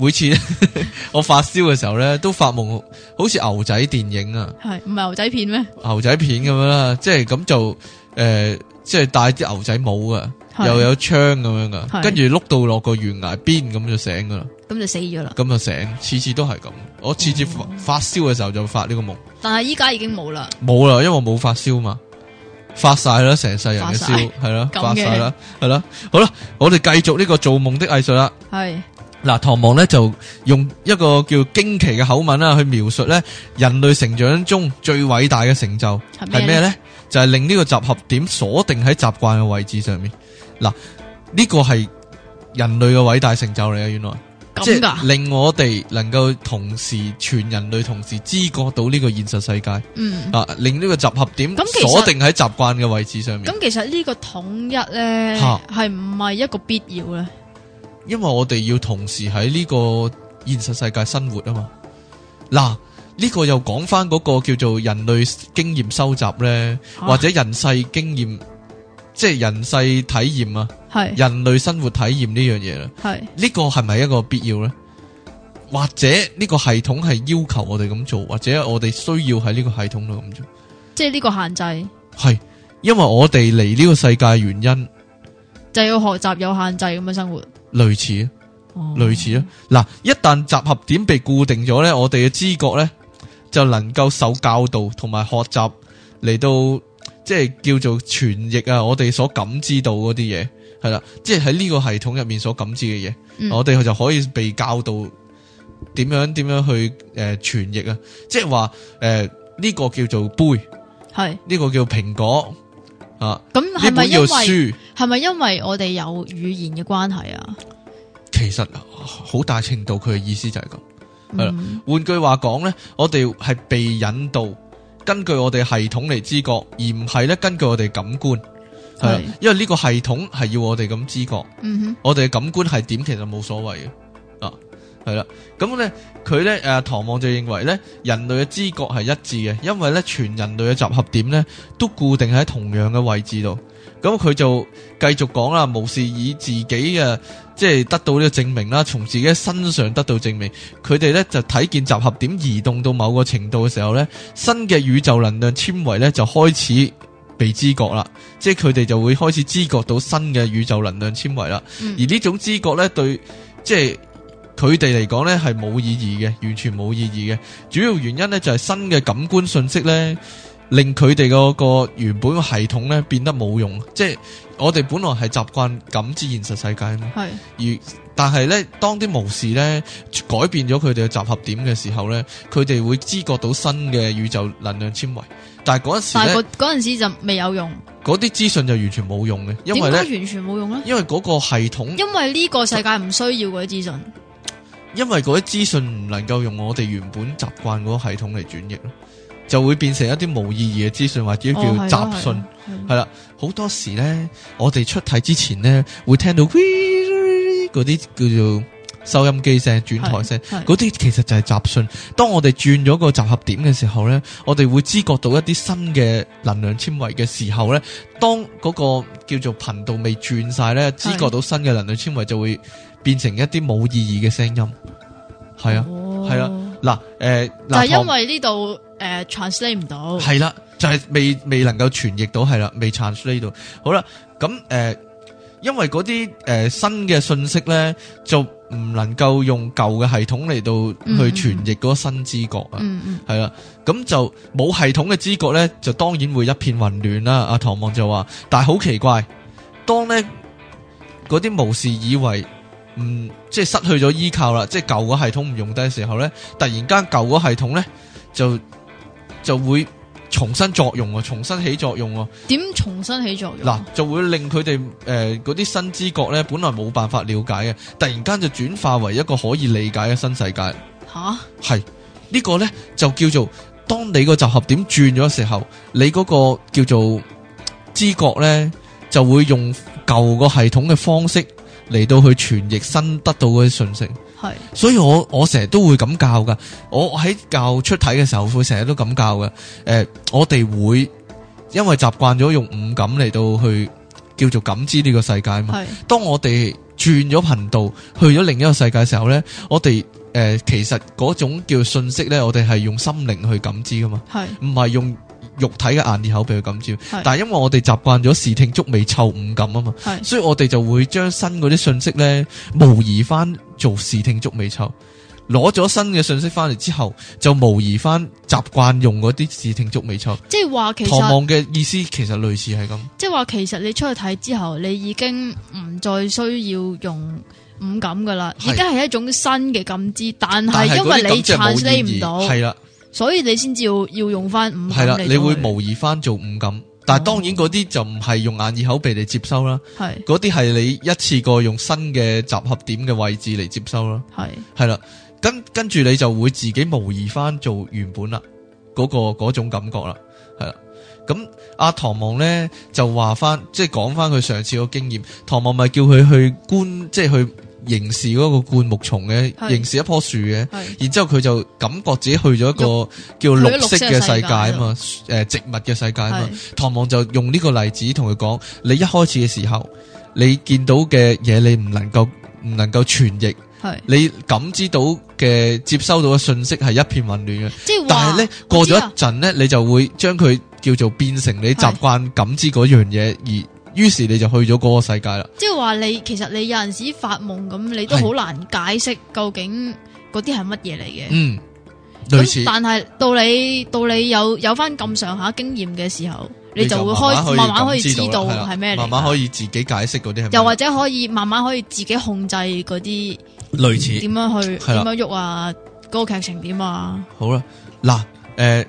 每次 我發燒嘅時候咧，都發夢，好似牛仔電影啊。係唔係牛仔片咩？牛仔片咁樣啦，即係咁就誒，即係戴啲牛仔帽啊，又有槍咁樣噶，跟住碌到落個懸崖邊咁就醒噶啦。咁就死咗啦。咁就醒，次次都係咁，我次次發燒嘅時候就發呢個夢，嗯。但係依家已經冇啦。冇啦，因為我冇發燒嘛，發晒啦，成世人嘅燒係啦，發晒啦，係咯。好啦，我哋繼續呢個做夢的藝術啦。係。嗱，唐望咧就用一個叫驚奇嘅口吻啦，去描述咧人類成長中最偉大嘅成就係咩咧？就係、是、令呢個集合點鎖定喺習慣嘅位置上面。嗱，呢個係人類嘅偉大成就嚟啊！原來即係令我哋能夠同時全人類同時知覺到呢個現實世界。嗯，啊，令呢個集合點鎖定喺習慣嘅位置上面。咁、嗯、其實呢個統一咧係唔係一個必要咧？因為我哋要同時喺呢個現實世界生活啊嘛，嗱，呢個又講翻嗰個叫做人類經驗收集咧，啊，或者人世經驗，即係人世體驗啊，係人類生活體驗呢樣嘢，啦，係呢個係咪一個必要咧？或者呢個系統係要求我哋咁做，或者我哋需要喺呢個系統度咁做，即係呢個限制係，因為我哋嚟呢個世界原因，就要學習有限制咁嘅生活。類似啊，類似啊。嗱、哦，一旦集合點被固定咗咧，我哋嘅知覺咧就能夠受教導同埋學習嚟到，即係叫做傳譯啊。我哋所感知到嗰啲嘢係啦，即係喺呢個系統入面所感知嘅嘢，嗯，我哋就可以被教導點樣點樣去誒傳譯啊。即係話誒呢個叫做杯，係呢、這個叫蘋果。啊，咁係咪因為，係咪因為我哋有語言嘅關係啊？其實好大程度佢嘅意思就係咁，係啦。Mm-hmm. 換句話講咧，我哋係被引導，根據我哋系統嚟知覺，而唔係咧根據我哋感官。係啊。Mm-hmm. 因為呢個系統係要我哋咁知覺。嗯哼，我哋嘅感官係點，其實冇所謂嘅。係啦，咁咧佢咧誒，唐望就認為咧，人類嘅知覺係一致嘅，因為咧全人類嘅集合點咧都固定喺同樣嘅位置度。咁佢就繼續講啦，無視以自己嘅、啊、即係得到呢個證明啦，從自己身上得到證明。佢哋咧就睇見集合點移動到某個程度嘅時候咧，新嘅宇宙能量纖維咧就開始被知覺啦，即係佢哋就會開始知覺到新嘅宇宙能量纖維啦。而呢種知覺咧對，即係。佢哋嚟講呢係冇意義嘅，完全冇意義嘅。主要原因呢，就係新嘅感官信息呢，令佢哋個個原本系統呢變得冇用。即係我哋本來係習慣感知現實世界啊嘛。係。而但係呢，當啲巫士呢改變咗佢哋嘅集合點嘅時候呢，佢哋會知覺到新嘅宇宙能量纖維。但係嗰時嗰陣時就未有用。嗰啲資訊就完全冇用嘅，因為呢為完全冇用啦。因為嗰個系統，因為呢個世界唔需要嗰啲資訊。因為嗰啲資訊唔能夠用我哋原本習慣嗰個系統嚟轉譯咯，就會變成一啲冇意義嘅資訊，或者叫雜訊。係、哦、啦，好多時呢，我哋出體之前呢，會聽到嗰啲叫做收音機聲、轉台聲，嗰啲其實就係雜訊。當我哋轉咗個集合點嘅時候呢，我哋會知覺到一啲新嘅能量纖維嘅時候呢，當嗰個叫做頻道未轉晒呢，知覺到新嘅能量纖維就會.變成一啲冇意義嘅聲音，係啊，係、哦、啊，嗱、呃，誒，但係因為呢度誒 translate 唔到，係啦，就係未未能夠傳譯到，係啦，未 translate 到，好啦、啊，咁誒、呃，因為嗰啲誒新嘅信息咧，就唔能夠用舊嘅系統嚟到去傳譯嗰個新知覺，嗯嗯嗯，是啊，係啦，咁就冇系統嘅知覺咧，就當然會一片混亂啦。阿、啊、唐望就話，但係好奇怪，當咧嗰啲無視以為。嗯，即係失去咗依靠啦，即係舊個系統唔用低嘅時候呢，突然間舊個系統呢就就會重新作用，重新起作用。點重新起作用？嗱，就會令佢哋誒嗰啲新知覺呢，本來冇辦法了解嘅，突然間就轉化為一個可以理解嘅新世界。吓、啊，係呢、這個呢就叫做當你個集合點轉咗嘅時候，你嗰個叫做知覺呢，就會用舊個系統嘅方式。嚟到去傳譯新得到嗰啲信息，係，所以我我成日都會咁教噶，我喺教出體嘅時候會常常，會成日都咁教㗎。誒，我哋會因為習慣咗用五感嚟到去叫做感知呢個世界嘛，當我哋轉咗頻道去咗另一個世界嘅時候呢，我哋誒、呃，其實嗰種叫信息呢，我哋係用心靈去感知噶嘛，係，唔係用肉體嘅眼耳口鼻嘅感知，但係因為我哋習慣咗視聽觸味嗅五感啊嘛，所以我哋就會將新嗰啲信息咧模擬翻做視聽觸味嗅，攞咗新嘅信息翻嚟之後，就模擬翻習,習慣用嗰啲視聽觸味嗅，即係話其實，望嘅意思其實類似係咁，即係話其實你出去睇之後，你已經唔再需要用五感噶啦，而家係一種新嘅感知，但係因為你產生唔到，係啦。所以你先至要要用翻五感係啦，你會模擬翻做五感。哦、但係當然嗰啲就唔係用眼耳口鼻嚟接收啦，係嗰啲係你一次過用新嘅集合點嘅位置嚟接收啦，係係啦，跟跟住你就會自己模擬翻做原本啦，嗰、嗰個嗰種感覺啦，係啦，咁阿唐望咧就話翻，即係講翻佢上次個經驗，唐望咪叫佢去觀，即、就、係、是、去。凝視嗰個灌木叢嘅，凝視一棵樹嘅，然之後佢就感覺自己去咗一個叫綠色嘅世界啊嘛，誒、呃，植物嘅世界啊嘛。唐望就用呢個例子同佢講，你一開始嘅時候，你見到嘅嘢你唔能夠唔能夠傳譯，你感知到嘅接收到嘅信息係一片混亂嘅，但係呢，過咗一陣呢，你就會將佢叫做變成你習慣感知嗰樣嘢而。於是你就去咗嗰個世界啦。即係話你其實你有陣時發夢咁，你都好難解釋究竟嗰啲係乜嘢嚟嘅。嗯，類似，但係到你到你有有翻咁上下經驗嘅時候，你就會開始慢，慢慢可以知道係咩。慢慢可以自己解釋嗰啲，又或者可以慢慢可以自己控制嗰啲，類似點樣去點樣喐啊？嗰個劇情點啊？好啦，嗱，誒、呃，誒、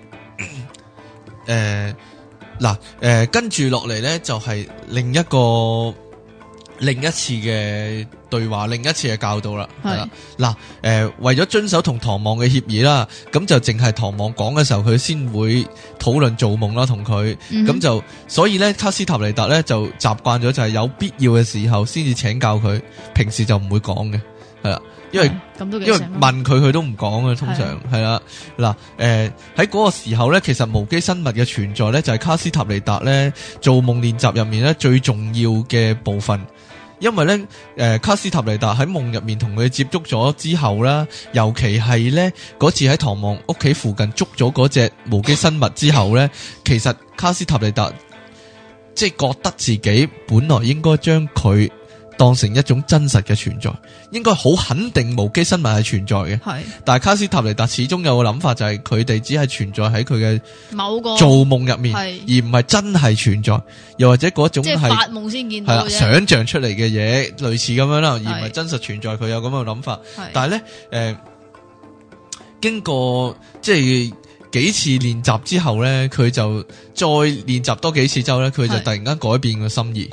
呃。呃嗱、呃，誒跟住落嚟呢，就係另一個、另一次嘅對話，另一次嘅教導啦。係啦，嗱、呃，誒為咗遵守同唐望嘅協議啦，咁就淨係唐望講嘅時候，佢先會討論做夢啦，同佢咁就，所以呢，卡斯塔尼達呢，就習慣咗，就係有必要嘅時候先至請教佢，平時就唔會講嘅，係啦。因為、嗯、因為問佢佢都唔講啊，通常係啦。嗱、誒喺嗰個時候呢，其實無機生物嘅存在呢，就係、是、卡斯塔尼達呢，做夢練習入面呢最重要嘅部分，因為呢，誒、呃、卡斯塔尼達喺夢入面同佢接觸咗之後呢，尤其係呢，嗰次喺唐望屋企附近捉咗嗰隻無機生物之後呢， 其實卡斯塔尼達即係覺得自己本來應該將佢當成一種真實嘅存在，應該好肯定無機生物係存在嘅。係，但係卡斯塔尼達始終有個諗法，就係佢哋只係存在喺佢嘅某個造夢入面，係而唔係真係存在。又或者嗰種係即係發夢先見到，啊，想象出嚟嘅嘢，類似咁樣啦，而唔係真實存在。佢有咁嘅諗法。係但係呢誒、呃，經過即係。幾次練習之後呢，佢就再練習多幾次之後呢，佢就突然間改變個心意。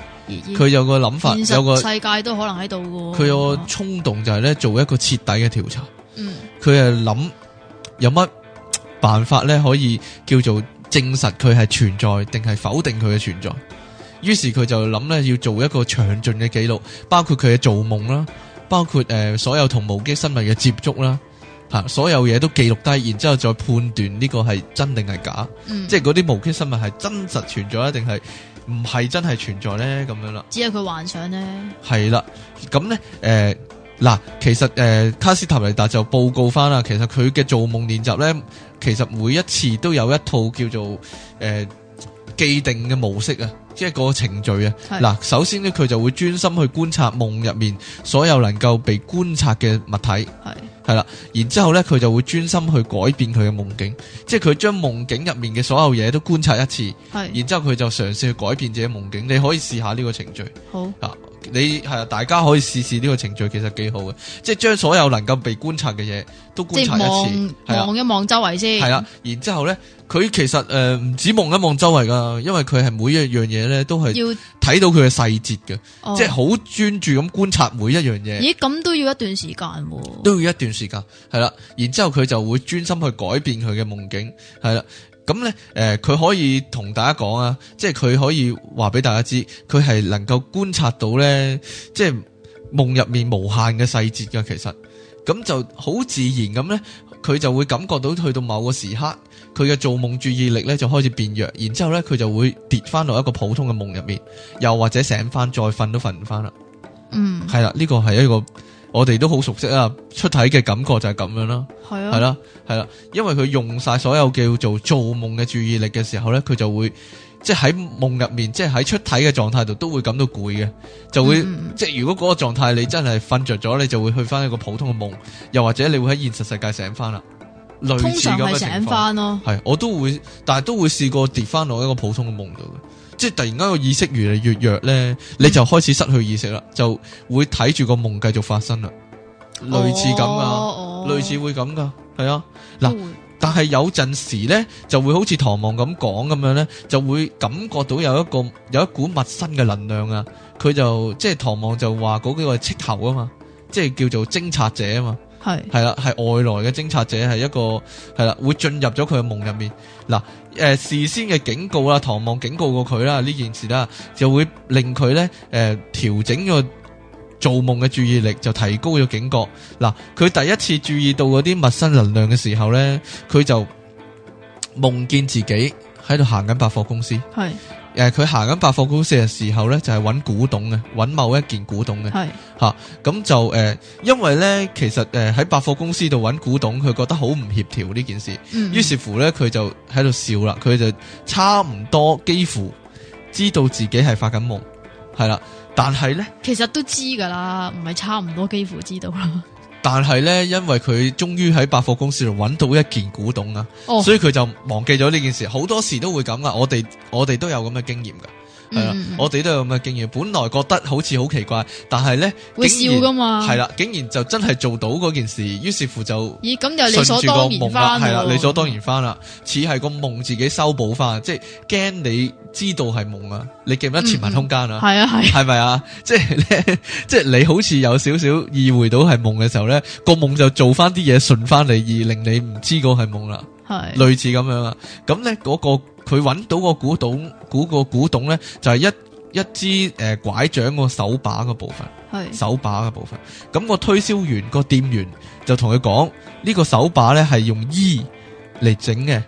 佢有個諗法，有個世界都可能喺度噶。佢有個衝動就係呢，做一個徹底嘅調查。佢係諗有乜辦法呢？可以叫做證實佢係存在，定係否定佢嘅存在。於是佢就諗呢，要做一個詳盡嘅記錄，包括佢嘅做夢啦，包括誒所有同無機生物嘅接觸啦。吓，所有嘢都記錄低，然之後再判斷呢個係真定係假，嗯、即係嗰啲無機生物係真實存在啊，定係唔係真係存在咧？咁樣啦，只係佢幻想咧。係、呃、啦，咁咧，誒，嗱，其實誒、呃，卡斯塔尼達就報告翻啦，其實佢嘅做夢練習咧，其實每一次都有一套叫做誒、呃、既定嘅模式啊，即係個程序啊。嗱，首先呢，佢就會專心去觀察夢入面所有能夠被觀察嘅物體。係。係啦，然之後咧，佢就會專心去改變佢嘅夢境，即係佢將夢境入面嘅所有嘢都觀察一次。係，然之後佢就嘗試去改變自己夢境。你可以試下呢個程序。好，啊，你係啊，大家可以試試呢個程序，其實幾好嘅，即係將所有能夠被觀察嘅嘢都觀察一次，望，望一望周圍先。係啦，然之後呢。佢其實誒唔、呃、止望一望周圍噶因為佢係每一樣嘢咧都係要睇到佢嘅細節嘅，即係好專注咁觀察每一樣嘢。咦？咁都要一段時間，啊，都要一段時間係啦。然之後佢就會專心去改變佢嘅夢境，係啦。咁咧誒，佢、呃、可以同大家講啊，即係佢可以話俾大家知，佢係能夠觀察到咧，即係夢入面無限嘅細節㗎。其實咁就好自然咁咧，佢就會感覺到去到某個時刻。佢嘅做夢注意力咧就開始變弱，然之後咧佢就會跌翻落一個普通嘅夢入面，又或者醒翻再瞓都瞓唔翻啦。嗯，係啦，呢、這個係一個我哋都好熟悉啊，出體嘅感覺就係咁樣啦。係、嗯、啊，係啦，係啦，因為佢用晒所有叫做做夢嘅注意力嘅時候咧，佢就會即係喺夢入面，即係喺出體嘅狀態度都會感到攰嘅，就會、嗯、即係如果嗰個狀態你真係瞓着咗，你就會去翻一個普通嘅夢，又或者你會喺現實世界醒翻啦。類似咁樣，通常係醒翻咯，係我都會，但係都會試過跌翻落一個普通嘅夢度嘅，即係突然間個意識越嚟越弱咧、嗯，你就開始失去意識啦，就會睇住個夢繼續發生啦，類似咁噶、哦哦，類似會咁噶，係啊，嗱，但係有陣時咧，就會好似唐望咁講咁樣咧，就會感覺到有一個有一股陌生嘅能量啊，佢就即係唐望就話嗰幾個斥候啊嘛，即係叫做偵察者啊嘛。係係啦，係外來嘅偵察者，係一個係啦，啊，會進入咗佢嘅夢入面。嗱，誒、呃，事先嘅警告啦，唐望警告過佢啦，呢件事啦，就會令佢咧，誒、呃，調整咗，做夢嘅注意力，就提高咗警覺。嗱，佢第一次注意到嗰啲陌生能量嘅時候咧，佢就夢見自己喺度行緊百貨公司。係。誒、呃，佢行緊百貨公司嘅時候呢，就係、是、揾古董嘅，揾某一件古董嘅。係吓咁就誒、呃，因為呢，其實誒喺百貨公司度揾古董，佢覺得好唔協調呢件事。嗯，嗯，於是乎呢，佢就喺度笑啦，佢就差唔多幾乎知道自己係發緊夢，係啦。但係呢，其實都知㗎啦，唔係差唔多幾乎知道啦。但係呢，因為佢終於喺百貨公司度揾到一件古董啊，oh。所以佢就忘記咗呢件事。好多時都會咁噶，我哋我哋都有咁嘅經驗噶。係啦、嗯，我哋都有咁嘅經驗。本來覺得好似好奇怪，但係咧，會笑噶嘛？係啦，竟然就真係做到嗰件事，於是乎就順住個夢啦，係啦，理所當然翻啦，似係個夢自己修補翻，即係驚你知道係夢啊。你記唔得潛行空間？嗯、啊？係啊係，係咪啊？ 即係咧，即係你好似有少少意會到係夢嘅時候咧，個夢就做翻啲嘢，順翻你，而令你唔知個係夢啦，係類似咁樣啊。咁咧嗰個。佢揾到個古董，估個古董咧就係、是、一一支誒、呃、拐杖、這個手把嘅部分，手把嘅部分。咁個推銷員個店員就同佢講：呢個手把咧係用衣嚟整嘅，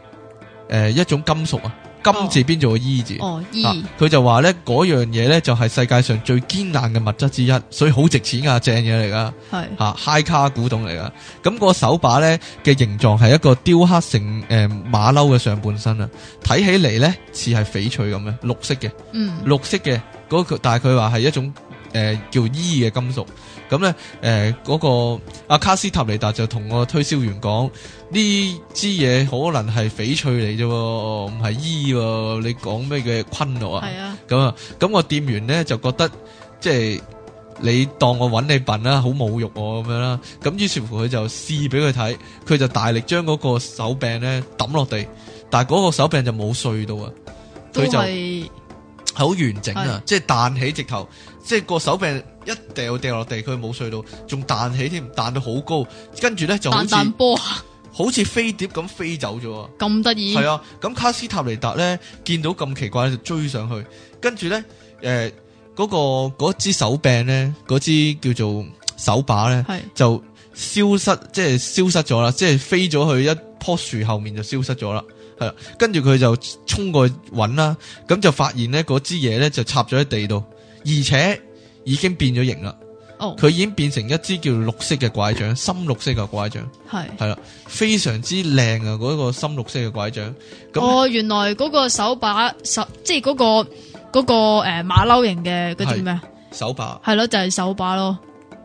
誒一種金屬啊。金字邊做個 e」字，哦，佢、啊哦 e、就話咧嗰樣嘢咧就係世界上最堅硬嘅物質之一，所以好值錢啊，正嘢嚟噶，係吓、啊、high 卡古董嚟噶，咁、嗯，嗰個手把咧嘅形狀係一個雕刻成誒馬騮嘅上半身啊，睇起嚟咧似係翡翠咁樣，綠色嘅，嗯，綠色嘅、嗰個，但係佢話係一種。誒、呃，叫铱嘅、e、金屬，咁咧，誒、呃，嗰、那個阿卡斯塔尼達就同個推銷員講：呢支嘢可能係翡翠嚟啫，唔係铱，你講咩嘅昆諾啊？係啊，咁啊，咁、那個店員咧就覺得，即係你當我搵你笨啦，好侮辱我咁樣啦。咁於是乎，佢就試俾佢睇，佢就大力將嗰個手柄咧抌落地，但係嗰個手柄就冇碎到啊，佢就係好完整啊，即係彈起直頭。即係個手柄一掉掉落地，佢冇碎到，仲彈起添，彈到好高，跟住咧就好似彈彈波，好似飛碟咁飛走咗，咁得意係啊。咁卡斯塔尼達咧見到咁奇怪就追上去，跟住咧誒嗰個嗰支手柄咧，嗰支叫做手把咧，就消失即係消失咗啦，即係飛咗去一棵樹後面就消失咗啦。係啦、啊，跟住佢就衝過去揾啦，咁就發現咧嗰支嘢咧就插咗喺地度。而且已經變咗形啦，佢、哦、已經變成一支叫綠色嘅拐杖，深綠色嘅拐杖，係係啦，非常之靚啊！嗰、嗰個深綠色嘅拐杖，哦，原來嗰個手把手，即係嗰、嗰個嗰、嗰個誒馬騮型嘅嗰啲咩？手把係咯，就係、係、手把咯，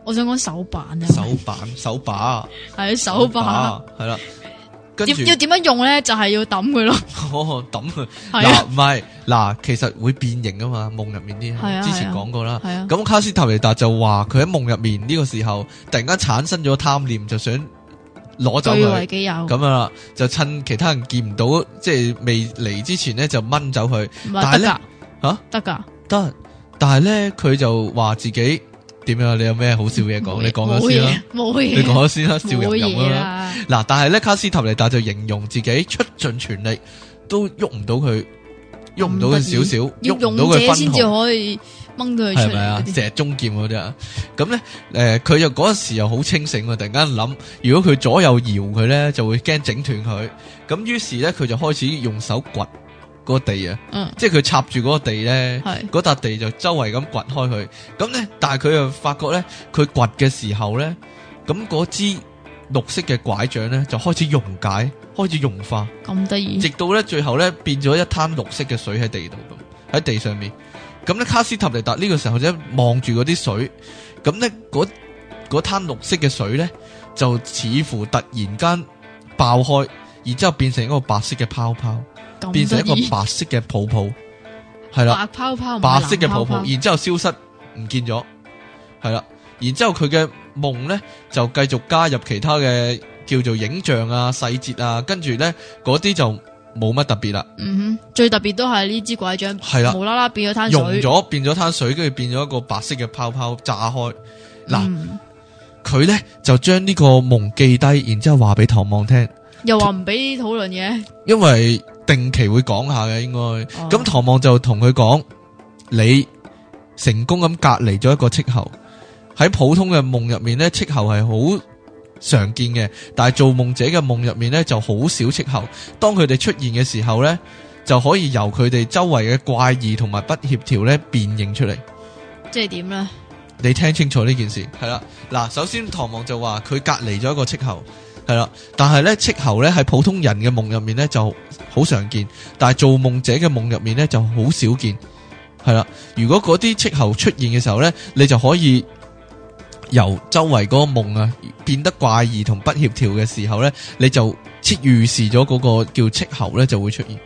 我想講手板啊，手板手把啊，係手把，係啦。 係手把手把要點樣用咧？就係、是、要抌佢咯。哦，抌佢。係啊。唔係嗱，其實會變形㗎嘛，夢入面啲。係啊。之前講過啦。係啊。咁、啊、卡斯塔尼達就話佢喺夢入面呢、這個時候，突然間產生咗貪念，就想攞走佢。據為己有。咁樣啦，咁就趁其他人見唔到，即係未嚟之前咧，就掹走佢。但係得吓？得噶？得、啊。但係咧，佢就話自己。點樣？你有咩好笑嘢講？你講下先啦，你講下先啦，笑人嗱、啊，但係咧，卡斯塔尼達就形容自己出盡全力都喐唔到佢，喐唔到佢少少，喐到佢先至可以掹到佢出嚟啊！石中劍啲啊，咁咧，誒、呃，佢就嗰時又好清醒，突然間諗，如果佢左右搖佢咧，就會驚整斷佢，咁於是咧，佢就開始用手掘。那個地啊、嗯，即係佢插住嗰個地咧，嗰笪地就周圍咁掘開佢，咁咧，但係佢又發覺咧，佢掘嘅時候咧，咁嗰支綠色嘅拐杖咧就開始溶解，開始融化，咁得意，直到咧最後咧變咗一灘綠色嘅水喺地度咁，喺地上面，咁咧卡斯特尼達呢個時候就望住嗰啲水，咁咧嗰嗰灘綠色嘅水咧就似乎突然間爆開，然之後變成一個白色嘅泡泡。變成一個白色嘅泡泡，係啦，白泡泡，泡泡，白色嘅泡泡，泡泡，然之後消失，唔見咗，係啦，然之後佢嘅夢咧就繼續加入其他嘅叫做影像啊、細節啊，跟住咧嗰啲就冇乜特別啦。嗯哼，最特別都係呢支拐杖，係啦，無啦啦變咗攤水，溶咗變咗攤水，跟住變咗一個白色嘅泡泡炸開。嗱、嗯，佢咧就將呢個夢記低，然之後話俾唐望聽。又話唔俾討論嘢，因為定期會講下嘅應該。咁唐望就同佢講，你成功咁隔離咗一個斥候。喺普通嘅夢入面咧，斥候係好常見嘅，但係做夢者嘅夢入面咧就好少斥候。當佢哋出現嘅時候咧，就可以由佢哋周圍嘅怪異同埋不協調咧辨認出嚟。即係點咧？你聽清楚呢件事係啦。嗱，首先唐望就話佢隔離咗一個斥候。係啦，但係咧，斥候咧喺普通人嘅夢入面咧就好常見，但係做夢者嘅夢入面咧就好少見。係啦，如果嗰啲斥候出現嘅時候咧，你就可以由周圍嗰個夢啊變得怪異同不協調嘅時候咧，你就切預示咗嗰個叫斥候咧就會出現。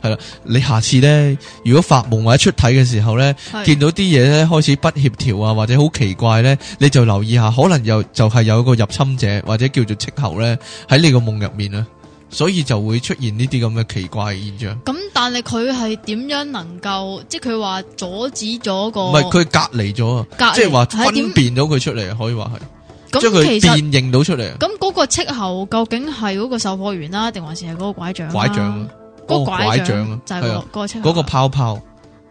係啦，你下次咧，如果發夢或者出體嘅時候咧，見到啲嘢咧開始不協調啊，或者好奇怪咧，你就留意下，可能又就係、是、有一個入侵者或者叫做斥候咧喺你個夢入面啦，所以就會出現呢啲咁嘅奇怪現象。咁但係佢係點樣能夠，即係佢話阻止咗、那個？唔係佢隔離咗啊，即係話分辨到佢出嚟，可以話係，將佢辨認到出嚟。咁嗰個斥候究竟係嗰個售貨員啦、啊，定還是係嗰個拐杖、啊？拐杖、啊。那個拐杖，那個拐杖就是那個、啊，係、那個、啊，嗰、那個泡泡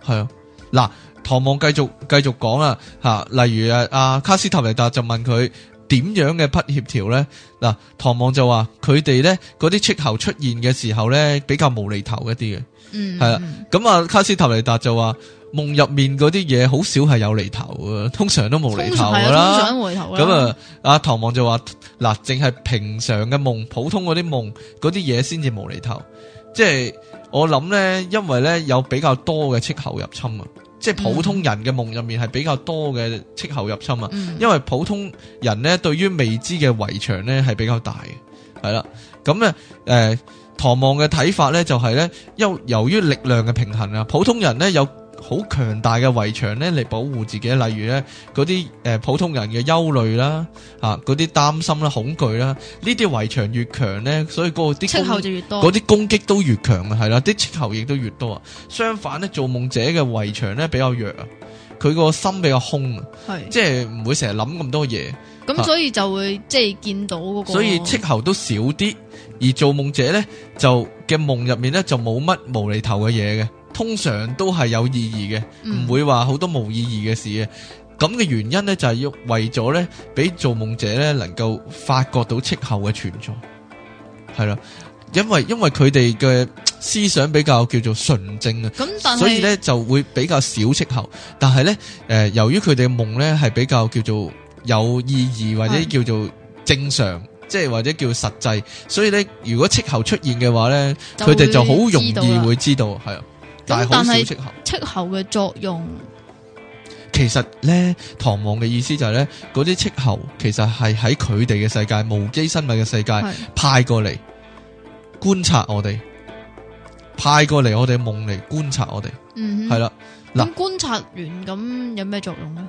係啊。嗱，唐望繼續繼續講吓、啊，例如阿、啊、卡斯塔尼達就問佢點樣嘅不協調咧？嗱、啊，唐望就話佢哋咧嗰啲出口出現嘅時候咧比較無厘頭一啲嘅，嗯係咁啊，嗯、啊，卡斯塔尼達就話夢入面嗰啲嘢好少係有厘頭嘅，通常都無厘頭噶啦。咁啊，阿、啊、唐望就話嗱，淨、啊、係平常嘅夢，普通嗰啲夢嗰啲嘢先至無厘頭。即係我諗呢，因為呢有比較多嘅斥候入侵啊！即係普通人嘅夢入面係比較多嘅斥候入侵啊、嗯！因為普通人呢對於未知嘅圍牆呢係比較大嘅，係啦，咁呢誒，唐望嘅睇法呢就係、是、呢，因由於力量嘅平衡啊，普通人呢有。好強大嘅圍牆咧，嚟保護自己。例如咧，嗰啲誒普通人嘅憂慮啦，吓嗰啲擔心啦、恐懼啦，呢啲圍牆越強咧，所以嗰個啲斥候，就越多，嗰啲攻擊都越強啊，係啦，啲斥候亦都越多啊。相反咧，做夢者嘅圍牆咧比較弱，佢個心比較空啊，係，即係唔會成日諗咁多嘢。咁所以就會即係見到嗰、嗰個，所以斥候都少啲，而做夢者咧就嘅夢入面咧就冇乜無厘頭嘅嘢嘅。通常都係有意義嘅，唔、嗯、會話好多冇意義嘅事嘅。咁嘅原因呢，就係要為咗呢俾做夢者呢能夠發覺到斥候嘅存在，係啦。因為因為佢哋嘅思想比較叫做純正啊、嗯，所以呢就會比較少斥候。但係呢，誒，由於佢哋嘅夢呢係比較叫做有意義或者叫做正常，即、嗯、係或者叫實際，所以呢，如果斥候出現嘅話呢，佢哋就好容易會知道係啊。是但係，但係戚候嘅作用，其實咧，唐望嘅意思就係、是、咧，嗰啲戚候其實係喺佢哋嘅世界，無機生物嘅世界派過嚟觀察我哋，派過嚟我哋嘅夢嚟觀察我哋，係、嗯、啦。咁觀察完咁有咩作用咧？誒、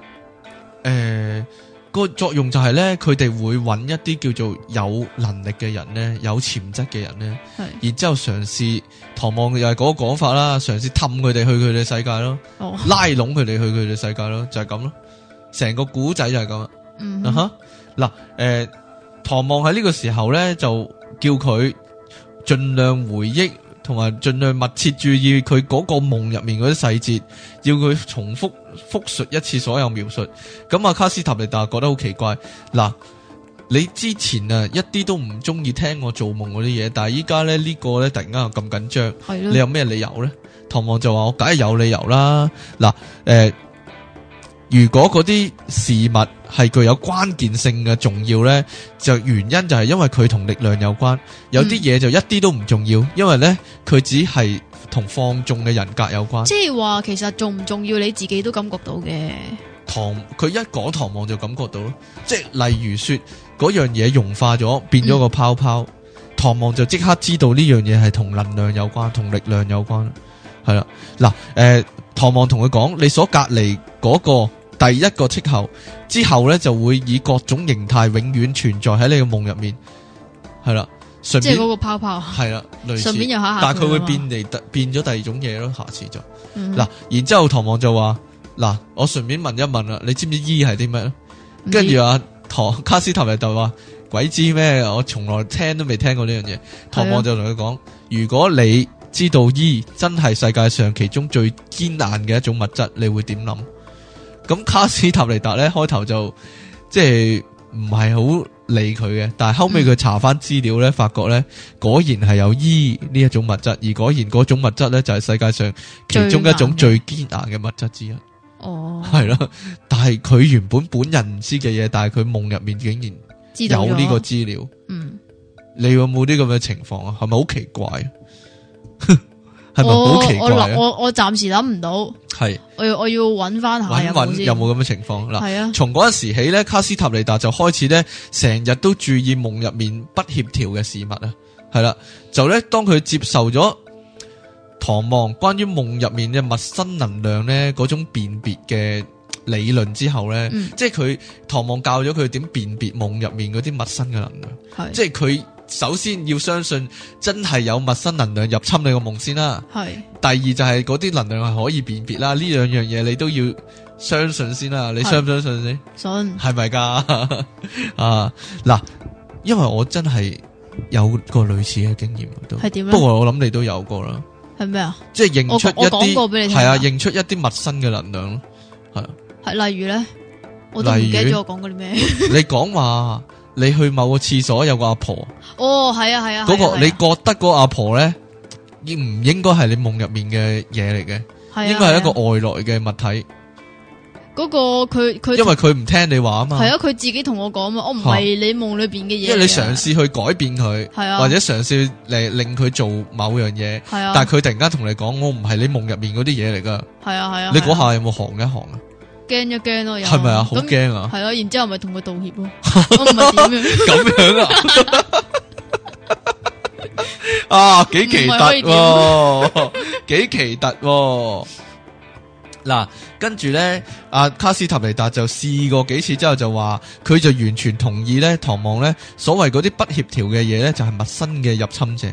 呃。個作用就係咧，佢哋會揾一啲叫做有能力嘅人咧，有潛質嘅人咧，然之後嘗試唐望又係嗰個講法啦，嘗試氹佢哋去佢哋世界咯，哦，拉攏佢哋去佢哋世界咯，就係咁咯，成個古仔就係咁啦。嗯哼，嗱，啊，誒，呃，唐望喺呢個時候咧就叫佢盡量回憶。同埋盡量密切注意佢嗰個夢入面嗰啲細節，要佢重複複述一次所有描述。咁啊，卡斯塔尼達覺得好奇怪。嗱，你之前啊一啲都唔中意聽我做夢嗰啲嘢，但係依家咧呢個咧突然間又咁緊張，你有咩理由咧？唐望就話我梗係有理由啦。嗱，誒、呃。如果嗰啲事物係具有關鍵性嘅重要呢，就原因就係因為佢同力量有關。有啲嘢就一啲都唔重要，因為呢，佢只係同放縱嘅人格有關。即係話其實重唔重要你自己都感覺到嘅。唐佢一講唐望就感覺到咯，即係例如說嗰樣嘢融化咗變咗個泡泡，嗯、唐望就即刻知道呢樣嘢係同能量有關，同力量有關。係啦，嗱誒，唐望同佢講你所隔離嗰、嗰個。第一個斥候之後咧，就會以各種形態永遠存在喺你嘅夢入面，係啦。即係嗰個泡泡。係啦，類似。順便又下。但係佢會變嚟變咗第二種嘢咯，下次就。嗱、嗯，然之後唐望就話：，嗱，我順便問一問啦，你知唔知 E 係啲咩？跟住阿唐卡斯特咪就話：鬼知咩？我從來聽都未聽過呢樣嘢。唐望就同佢講：，如果你知道 E 真係世界上其中最堅硬嘅一種物質，你會點諗？咁卡斯塔尼達咧開頭就即係唔係好理佢嘅，但係後尾佢查翻資料咧、嗯，發覺咧果然係有伊呢一種物質，而果然嗰種物質咧就係世界上其中一種最堅硬嘅物質之一。哦，係咯，但係佢原本本人唔知嘅嘢，但係佢夢入面竟然有呢個資料。嗯，你有冇啲咁嘅情況啊？係咪好奇怪？哼。 係咪好奇怪啊？我諗我我暫時諗唔到，係，我我要揾翻下，揾揾有冇咁嘅情況啦？係啊，從嗰陣時起咧，卡斯塔利達就開始咧，成日都注意夢入面不協調嘅事物啊，係啦，就咧當佢接受咗唐望關於夢入面嘅陌生能量咧，嗰種辨別嘅理論之後咧、嗯，即係佢唐望教咗佢點辨別夢入面嗰啲陌生嘅能量，即係佢。首先要相信真係有陌生能量入侵你個夢先啦。係。第二就係嗰啲能量係可以辨別啦。呢兩樣嘢你都要相信先啦。你相唔相信先？信。係咪噶？ 啊，嗱，因為我真係有個類似嘅經驗，都係點樣？不過我諗你都有過啦。係咩啊？即係認出一啲，係啊，認出一啲陌生嘅能量咯。係。係例如咧，我都唔記得咗我講過啲咩。 你講話。你去某個廁所有個阿婆，哦，係啊係啊，嗰個你覺得個阿婆咧，唔應該係你夢入面嘅嘢嚟嘅，應該係一個外來嘅物體。嗰個佢佢因為佢唔聽你話啊嘛，係啊，佢自己同我講啊嘛，我唔係你夢裏邊嘅嘢。因為你嘗試去改變佢，或者嘗試嚟令佢做某樣嘢，但係佢突然間同你講，我唔係你夢入面嗰啲嘢嚟噶，係啊係啊，你嗰下有冇行一行啊？驚一驚咯，係咪啊？好驚 啊！係 啊。然之後咪同佢道歉咯。唔咪點樣？咁 樣啊？啊，幾奇特喎！幾奇特喎！嗱，跟住咧，阿卡斯塔尼達就試過幾次之後，就話佢就完全同意咧，唐望咧，所謂嗰啲不協調嘅嘢咧，就係、是、陌生嘅入侵者。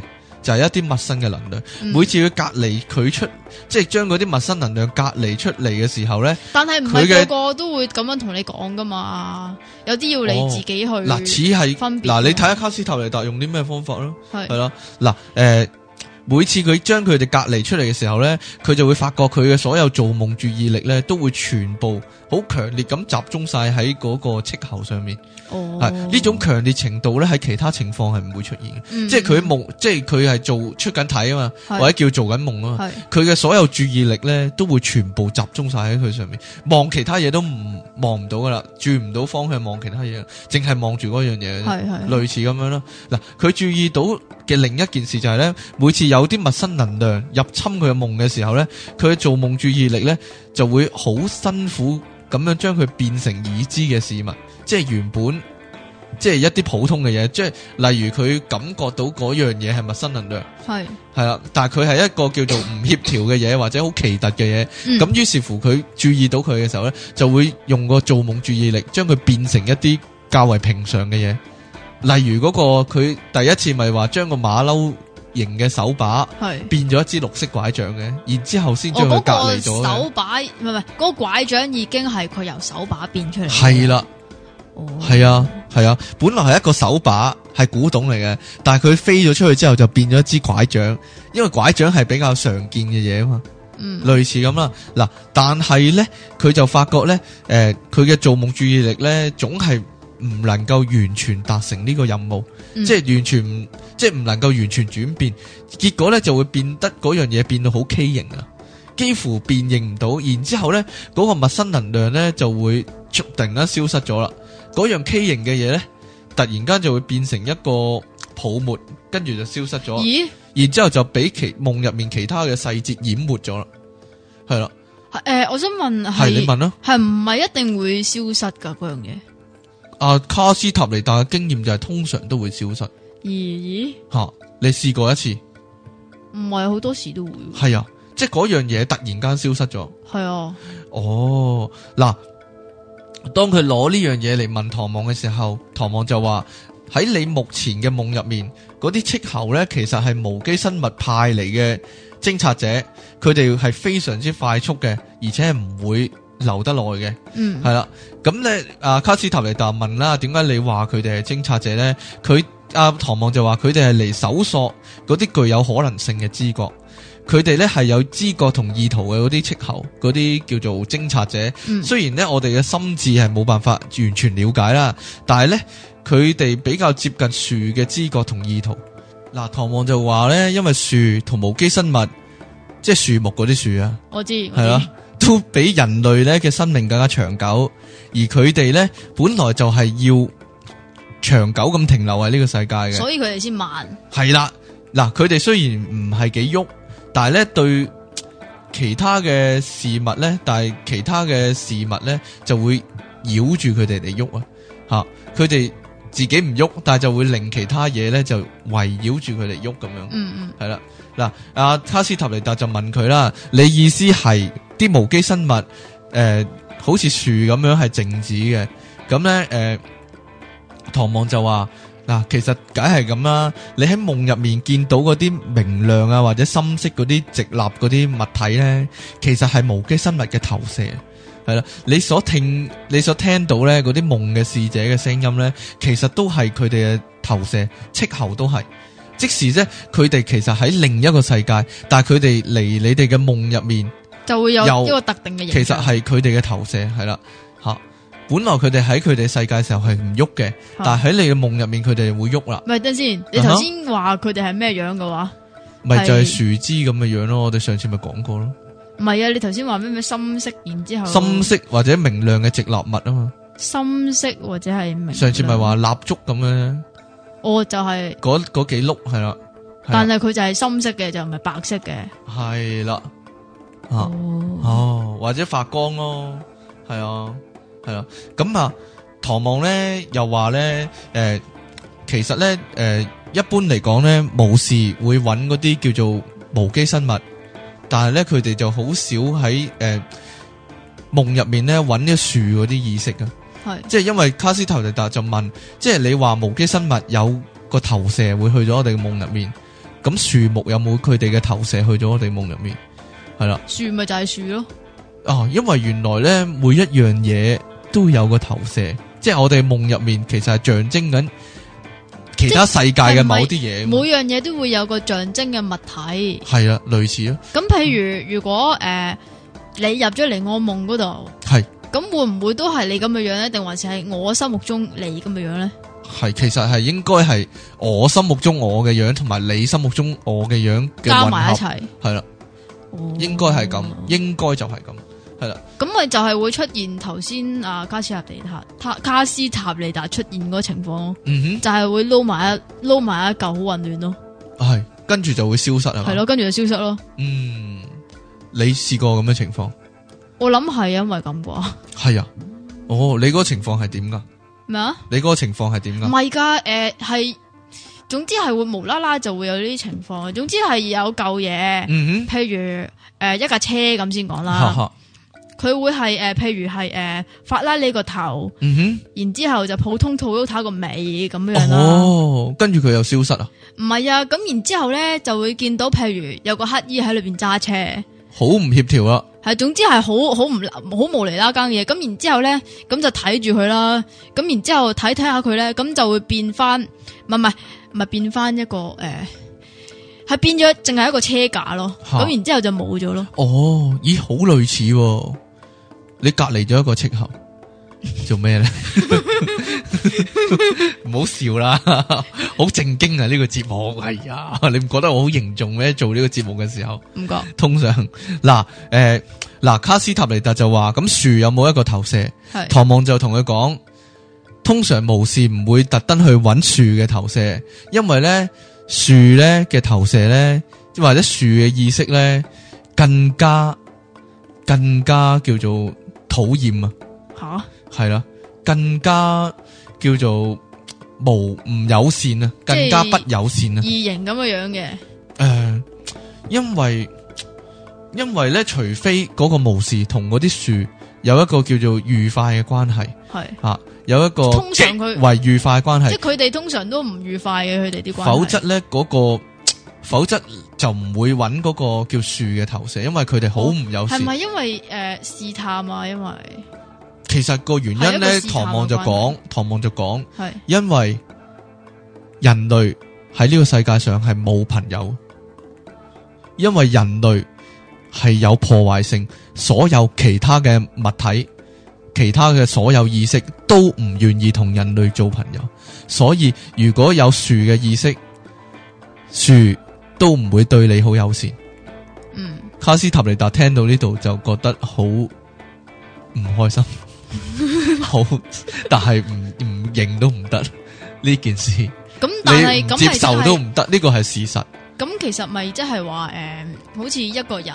就係、是、一啲陌生嘅能量，嗯、每次佢隔離佢出，即係將嗰啲陌生能量隔離出嚟嘅時候咧，但係唔係個個都會咁樣同你講噶嘛，有啲要你自己去分。嗱、哦，似係分別，嗱、呃，你睇下卡斯特尼達用啲咩方法咯，係，係咯，嗱、呃，誒、呃。每次佢將佢哋隔離出嚟嘅時候呢，佢就會發覺佢嘅所有做夢注意力呢，都會全部好強烈咁集中晒喺嗰個斥候上面。哦，係呢種強烈程度呢，喺其他情況係唔會出現嘅、嗯。即係佢夢即係佢係做出緊體啊嘛，或者叫做緊夢啊嘛。佢嘅所有注意力呢，都會全部集中晒喺佢上面，望其他嘢都唔望唔到噶啦，轉唔到方向望其他嘢，淨係望住嗰樣嘢。係類似咁樣咯。嗱，佢注意到嘅另一件事就係、是、呢，每次有。有啲陌生能量入侵佢嘅夢嘅時候咧，佢嘅做夢注意力咧就會好辛苦咁樣將佢變成已知嘅事物，即係原本即係一啲普通嘅嘢，即係例如佢感覺到嗰樣嘢係陌生能量，係係啦，但係佢係一個叫做唔協調嘅嘢或者好奇特嘅嘢，咁、嗯、於是乎佢注意到佢嘅時候咧，就會用個做夢注意力將佢變成一啲較為平常嘅嘢，例如嗰、嗰個佢第一次咪話將個馬騮。型嘅手把變咗一支綠色拐杖嘅，然之後先將佢隔離咗。哦那個手把唔係唔係，嗰、那個拐杖已經係佢由手把變出嚟。係啦，係、哦、啊係啊，本來係一個手把係古董嚟嘅，但係佢飛咗出去之後就變咗一支拐杖，因為拐杖係比較常見嘅嘢啊嘛。嗯，類似咁啦。嗱，但係咧佢就發覺咧，誒、呃，佢嘅做夢注意力咧總係。唔能夠完全達成呢個任務，即、嗯、係、就是、完全唔即係唔能夠完全轉變，結果咧就會變得嗰樣嘢變到好畸形啊，幾乎變形唔到。然之後咧，嗰、嗰個陌生能量咧就會突然間消失咗啦，嗰樣畸形嘅嘢咧，突然間就會變成一個泡沫，跟住就消失咗。咦？然之後就俾其夢入面其他嘅細節淹沒咗啦，係啦。誒、呃，我想問係你問咯，係唔係一定會消失噶嗰樣嘢？啊，卡斯塔尼達嘅經驗就係、是、通常都會消失。咦？吓、啊，你試過一次？唔係，好多時都會。係啊，即係嗰樣嘢突然間消失咗。係啊。哦，嗱、啊，當佢攞呢樣嘢嚟問唐望嘅時候，唐望就話喺你目前嘅夢入面，嗰啲斥候咧，其實係無機生物派嚟嘅偵察者，佢哋係非常之快速嘅，而且係唔會。留得耐嘅，係、嗯、啦，咁咧，阿卡斯塔尼達問啦，點解你話佢哋係偵察者咧？佢阿唐望就話佢哋係嚟搜索嗰啲具有可能性嘅知覺，佢哋咧係有知覺同意圖嘅嗰啲斥候，嗰啲叫做偵察者。嗯、雖然咧我哋嘅心智係冇辦法完全了解啦，但係咧佢哋比較接近樹嘅知覺同意圖。嗱，唐望就話咧，因為樹同無機生物，即係樹木嗰啲樹啊，我知係啦。都比人類咧嘅生命更加長久，而佢哋咧本來就係要長久咁停留喺呢個世界嘅，所以佢哋先慢。係啦，嗱，佢哋雖然唔係幾喐，但係咧對其他嘅事物咧，但係其他嘅事物咧就會繞住佢哋嚟喐啊，吓，佢哋自己唔喐，但係就會令其他嘢咧就圍繞住佢哋喐咁樣，嗯嗯，係啦。嗱，阿、啊、卡斯塔尼達就問佢啦，你意思係啲無機生物，誒、呃，好似樹咁樣係靜止嘅？咁咧，誒、呃，唐望就話，嗱，其實梗係咁啦。你喺夢入面見到嗰啲明亮啊或者深色嗰啲直立嗰啲物體咧，其實係無機生物嘅投射，係啦。你所聽你所聽到咧嗰啲夢嘅使者嘅聲音咧，其實都係佢哋嘅投射，斥候都係。即時啫，佢哋其實喺另一個世界，但係佢哋嚟你哋嘅夢入面，就會有一個特定嘅人。其實係佢哋嘅投射，係啦吓。本來佢哋喺佢哋世界時候係唔喐嘅，啊、但係喺你嘅夢入面，佢哋會喐啦。唔係等先，你頭先話佢哋係咩樣嘅話，咪、啊、是就係樹枝咁嘅樣咯。我哋上次咪講過咯，唔係啊。你頭先話咩咩深色，然之後深色或者明亮嘅直立物啊嘛，深色或者係明亮。上次咪話蠟燭咁嘅。我就係嗰嗰幾碌係啦，但係佢就係深色嘅，就唔係白色嘅。係啦，啊、哦哦，或者發光咯，係啊，係啊。咁啊，唐望咧又話咧，誒、呃，其實咧，誒、呃，一般嚟講咧，無事會揾嗰啲叫做無機生物，但係咧，佢哋就好少喺誒夢入面咧揾啲樹嗰啲意識噶。是即係因為卡斯特迪達就問，即係你話無機生物有個投射會去咗我哋嘅夢入面，咁樹木有冇佢哋嘅投射去咗我哋夢入面？係啦，樹咪就係樹咯。哦、啊，因為原來咧，每一樣嘢都有個投射，即係我哋夢入面其實係象徵緊其他世界嘅某啲嘢。是是每樣嘢都會有個象徵嘅物體，係啊，類似咯。咁譬如、嗯、如果誒、呃、你入咗嚟我夢嗰度。咁會唔會都係你咁嘅樣咧？定還是係我心目中你咁嘅樣咧？係，其實係應該係我心目中我嘅樣，同埋你心目中我嘅樣加埋一齊。係啦，哦、應該係咁，哦、應該就係咁，係啦。咁咪就係會出現頭先啊卡斯塔尼塔卡斯塔尼達出現嗰個情況咯、嗯。就係、是、會撈埋一撈埋一嚿好混亂咯。係，跟住就會消失啊。係咯，跟住就消失咯。嗯，你試過咁嘅情況？我諗係因為咁啩，係啊，哦、oh，麼你嗰個情況係點噶？咩啊？你嗰個情況係點噶？唔係噶，誒，係，總之係會無啦啦就會有呢啲情況，總之係有舊嘢，嗯哼，譬如誒、呃、一架車咁先講啦，佢哈會係誒，譬如係誒，法拉利個頭，嗯、哼，然之後就普通 Toyota 個尾咁樣咯，哦，跟住佢又消失啊？唔係啊，咁然之後咧就會見到，譬如有個乞衣喺裏邊揸車。好唔協調啊，係總之係好好唔好無厘啦更嘅嘢，咁然之後咧，咁就睇住佢啦，咁然之後睇睇下佢咧，咁就會變翻，唔係唔係唔係變翻一個誒，係、呃、變咗淨係一個車架咯，咁、啊、然之後就冇咗咯。哦，咦，好類似、哦，你隔離咗一個漆盒。做咩咧？唔好笑啦 好正經啊！呢、這個節目係啊， 你唔覺得我好凝重咩？做呢個節目嘅時候，唔覺。通常嗱，誒、啊，嗱，卡斯塔尼達就話：，咁樹有冇一個投射？係。唐望就同佢講：，通常無事唔會特登去揾樹嘅投射，因為咧樹咧嘅投射咧，或者樹嘅意識咧，更加更加叫做討厭啊！吓？係啦，更加叫做無唔友善啊，更加不友善啊，異、就是、形咁嘅樣嘅。誒、呃，因為因為咧，除非嗰個巫士同嗰啲樹有一個叫做愉快嘅關係，係啊，有一個通常佢為愉快關係，即係佢哋通常都唔愉快嘅佢哋啲關係。否則咧嗰個，否則就唔會揾嗰個叫樹嘅投射，因為佢哋好唔友善。係、哦、咪因為誒試、呃、探啊？因為。其實個原因咧，唐望就講，唐望就講，因為人類喺呢個世界上係冇朋友，因為人類係有破壞性，所有其他嘅物體、其他嘅所有意識都唔願意同人類做朋友，所以如果有樹嘅意識，樹都唔會對你好友善。嗯，卡斯塔尼達聽到呢度就覺得好唔開心。 好，但係唔唔認都唔得呢件事。咁但係咁受都唔得，呢個係事實。咁其實咪即係話誒，好似一個人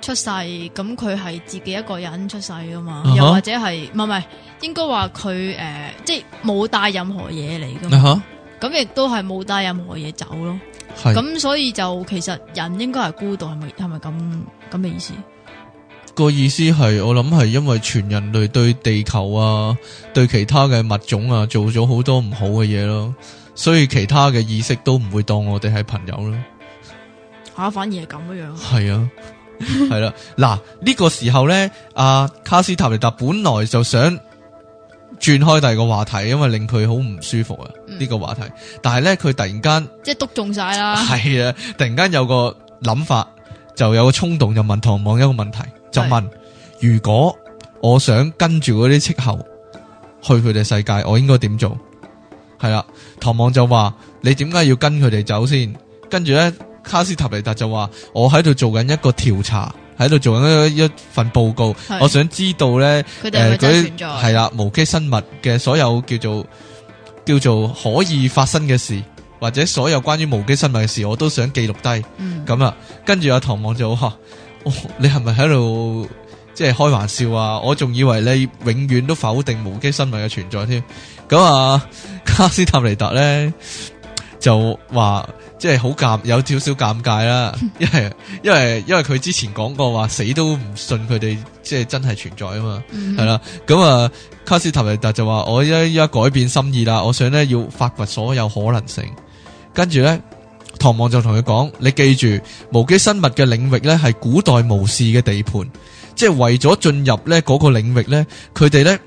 出世，咁佢係自己一個人出世噶嘛，啊？又或者係唔係唔係？應該話佢誒，即係冇帶任何嘢嚟噶。咁、啊、亦都係冇帶任何嘢走咯。咁所以就其實人應該係孤獨，係咪係咪咁咁嘅意思？個意思係，我諗係因為全人類對地球啊，對其他嘅物種啊，做咗好多唔好嘅嘢咯，所以其他嘅意識都唔會當我哋係朋友咯。吓、啊，反而係咁樣。係啊，係 啦、啊。嗱、啊，呢、這個時候咧，阿、啊、卡斯塔尼達本來就想轉開第二個話題，因為令佢好唔舒服啊。呢、嗯這個話題，但係咧，佢突然間即係篤中晒啦。係啊，突然間有個諗法，就有個衝動，就問唐望一個問題。就問：如果我想跟住嗰啲斥候去佢哋世界，我應該點做？係啦，唐望就話：你點解要跟佢哋走先？跟住咧，卡斯塔尼達就話：我喺度做緊一個調查，喺度做緊一份報告。我想知道咧，佢哋會存在係啦。無機生物嘅所有叫做叫做可以發生嘅事，或者所有關於無機生物嘅事，我都想記錄低。咁、嗯、啊，跟住阿唐望就吓。哦、你係咪喺度即係開玩笑啊？我仲以為你永遠都否定無機生命嘅存在添。咁啊，卡斯塔尼達咧就話即係好尷有少少尷尬啦， 因為因為因為佢之前講過話死都唔信佢哋即係真係存在啊嘛，係 啦。咁啊，卡斯塔尼達就話我依家依家改變心意啦，我想咧要發掘所有可能性，跟住咧。唐望就同佢講，你記住，無機生物嘅領域咧係古代巫士嘅地盤，即係為咗進入咧嗰個領域咧，佢哋咧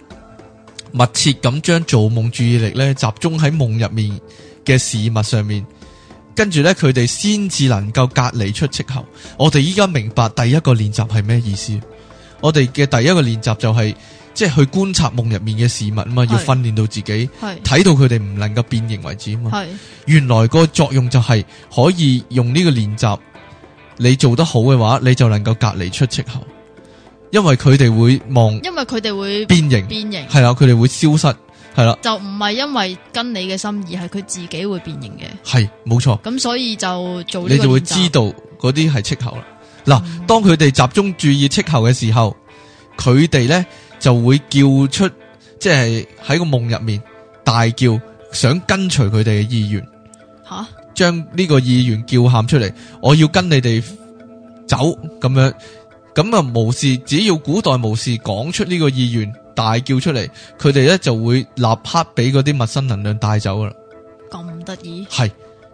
密切咁將做夢注意力咧集中喺夢入面嘅事物上面，跟住咧佢哋先至能夠隔離出斥候。我哋依家明白第一個練習係咩意思？我哋嘅第一個練習就係、是。即係去觀察夢入面嘅事物啊嘛，要訓練到自己睇到佢哋唔能夠變形為止啊嘛。原來個作用就係、是、可以用呢個練習，你做得好嘅話，你就能夠隔離出斥候，因為佢哋會望，因為佢哋會變形，變形係啦，佢哋會消失，係啦，就唔係因為跟你嘅心意，係佢自己會變形嘅，係冇錯。咁所以就做，你就會知道嗰啲係斥候啦。嗱、嗯，當佢哋集中注意斥候嘅時候，佢哋呢。就會叫出，即係喺個夢入面大叫，想跟隨佢哋嘅意願，吓，將呢個意願叫喊出嚟，我要跟你哋走，咁樣，咁啊無事，只要古代無事講出呢個意願，大叫出嚟，佢哋咧就會立刻俾嗰啲陌生能量帶走噶啦。咁得意？係，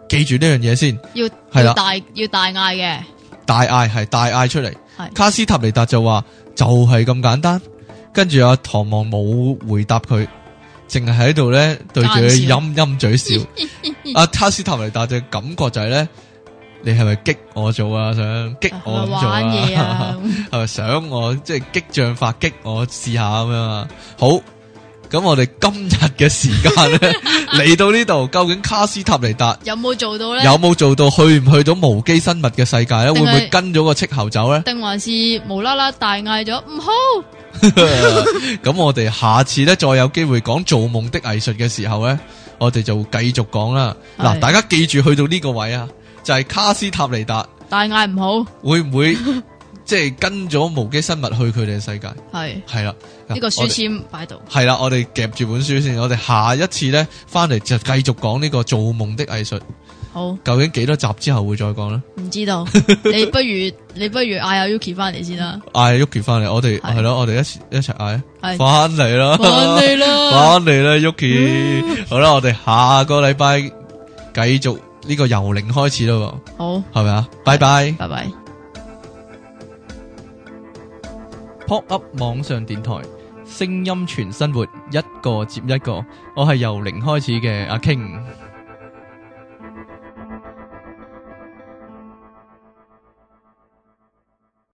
記住呢樣嘢先。要係啦，大要大嗌嘅。大嗌係大嗌出嚟。卡斯塔尼達就話，就係咁簡單。跟住阿唐望冇回答佢，淨係喺度咧對住佢陰陰嘴笑。阿、 啊、卡斯塔尼達嘅感覺就係、是、咧，你係咪激我做啊？想激我做啊？係咪、啊、 想我即係、就是、激將法激我試下咁樣啊？好，咁我哋今日嘅時間咧嚟到呢度，究竟卡斯塔尼達有冇做到咧？有冇做到去唔去到無機生物嘅世界咧？會唔會跟咗個斥候走咧？定還是，還是無啦啦大嗌咗唔好？咁 我哋下次咧再有機會講做夢的藝術嘅時候呢，我哋就繼續講啦。嗱，大家記住去到呢個位啊，就係、是、卡斯塔尼達。大嗌唔好，會唔會即係、就是、跟咗無機生物去佢哋嘅世界？係係啦，呢、這個書籤擺到。係啦，我哋夾住本書先，我哋下一次呢，翻嚟，就繼續講呢個做夢的藝術。好，究竟幾多集之後會再講咧？唔知道，你不如你不如嗌阿 Yuki 翻嚟先啦。嗌阿 Yuki 翻嚟，我哋係咯，我哋一一齊嗌翻嚟啦，翻嚟啦，翻嚟啦，Yuki。好啦，我哋下個禮拜繼續呢個由零開始咯。好，係咪啊？拜拜，拜拜。Pop Up 網上電台，聲音全生活，一個接一個。我係由零開始嘅阿 King。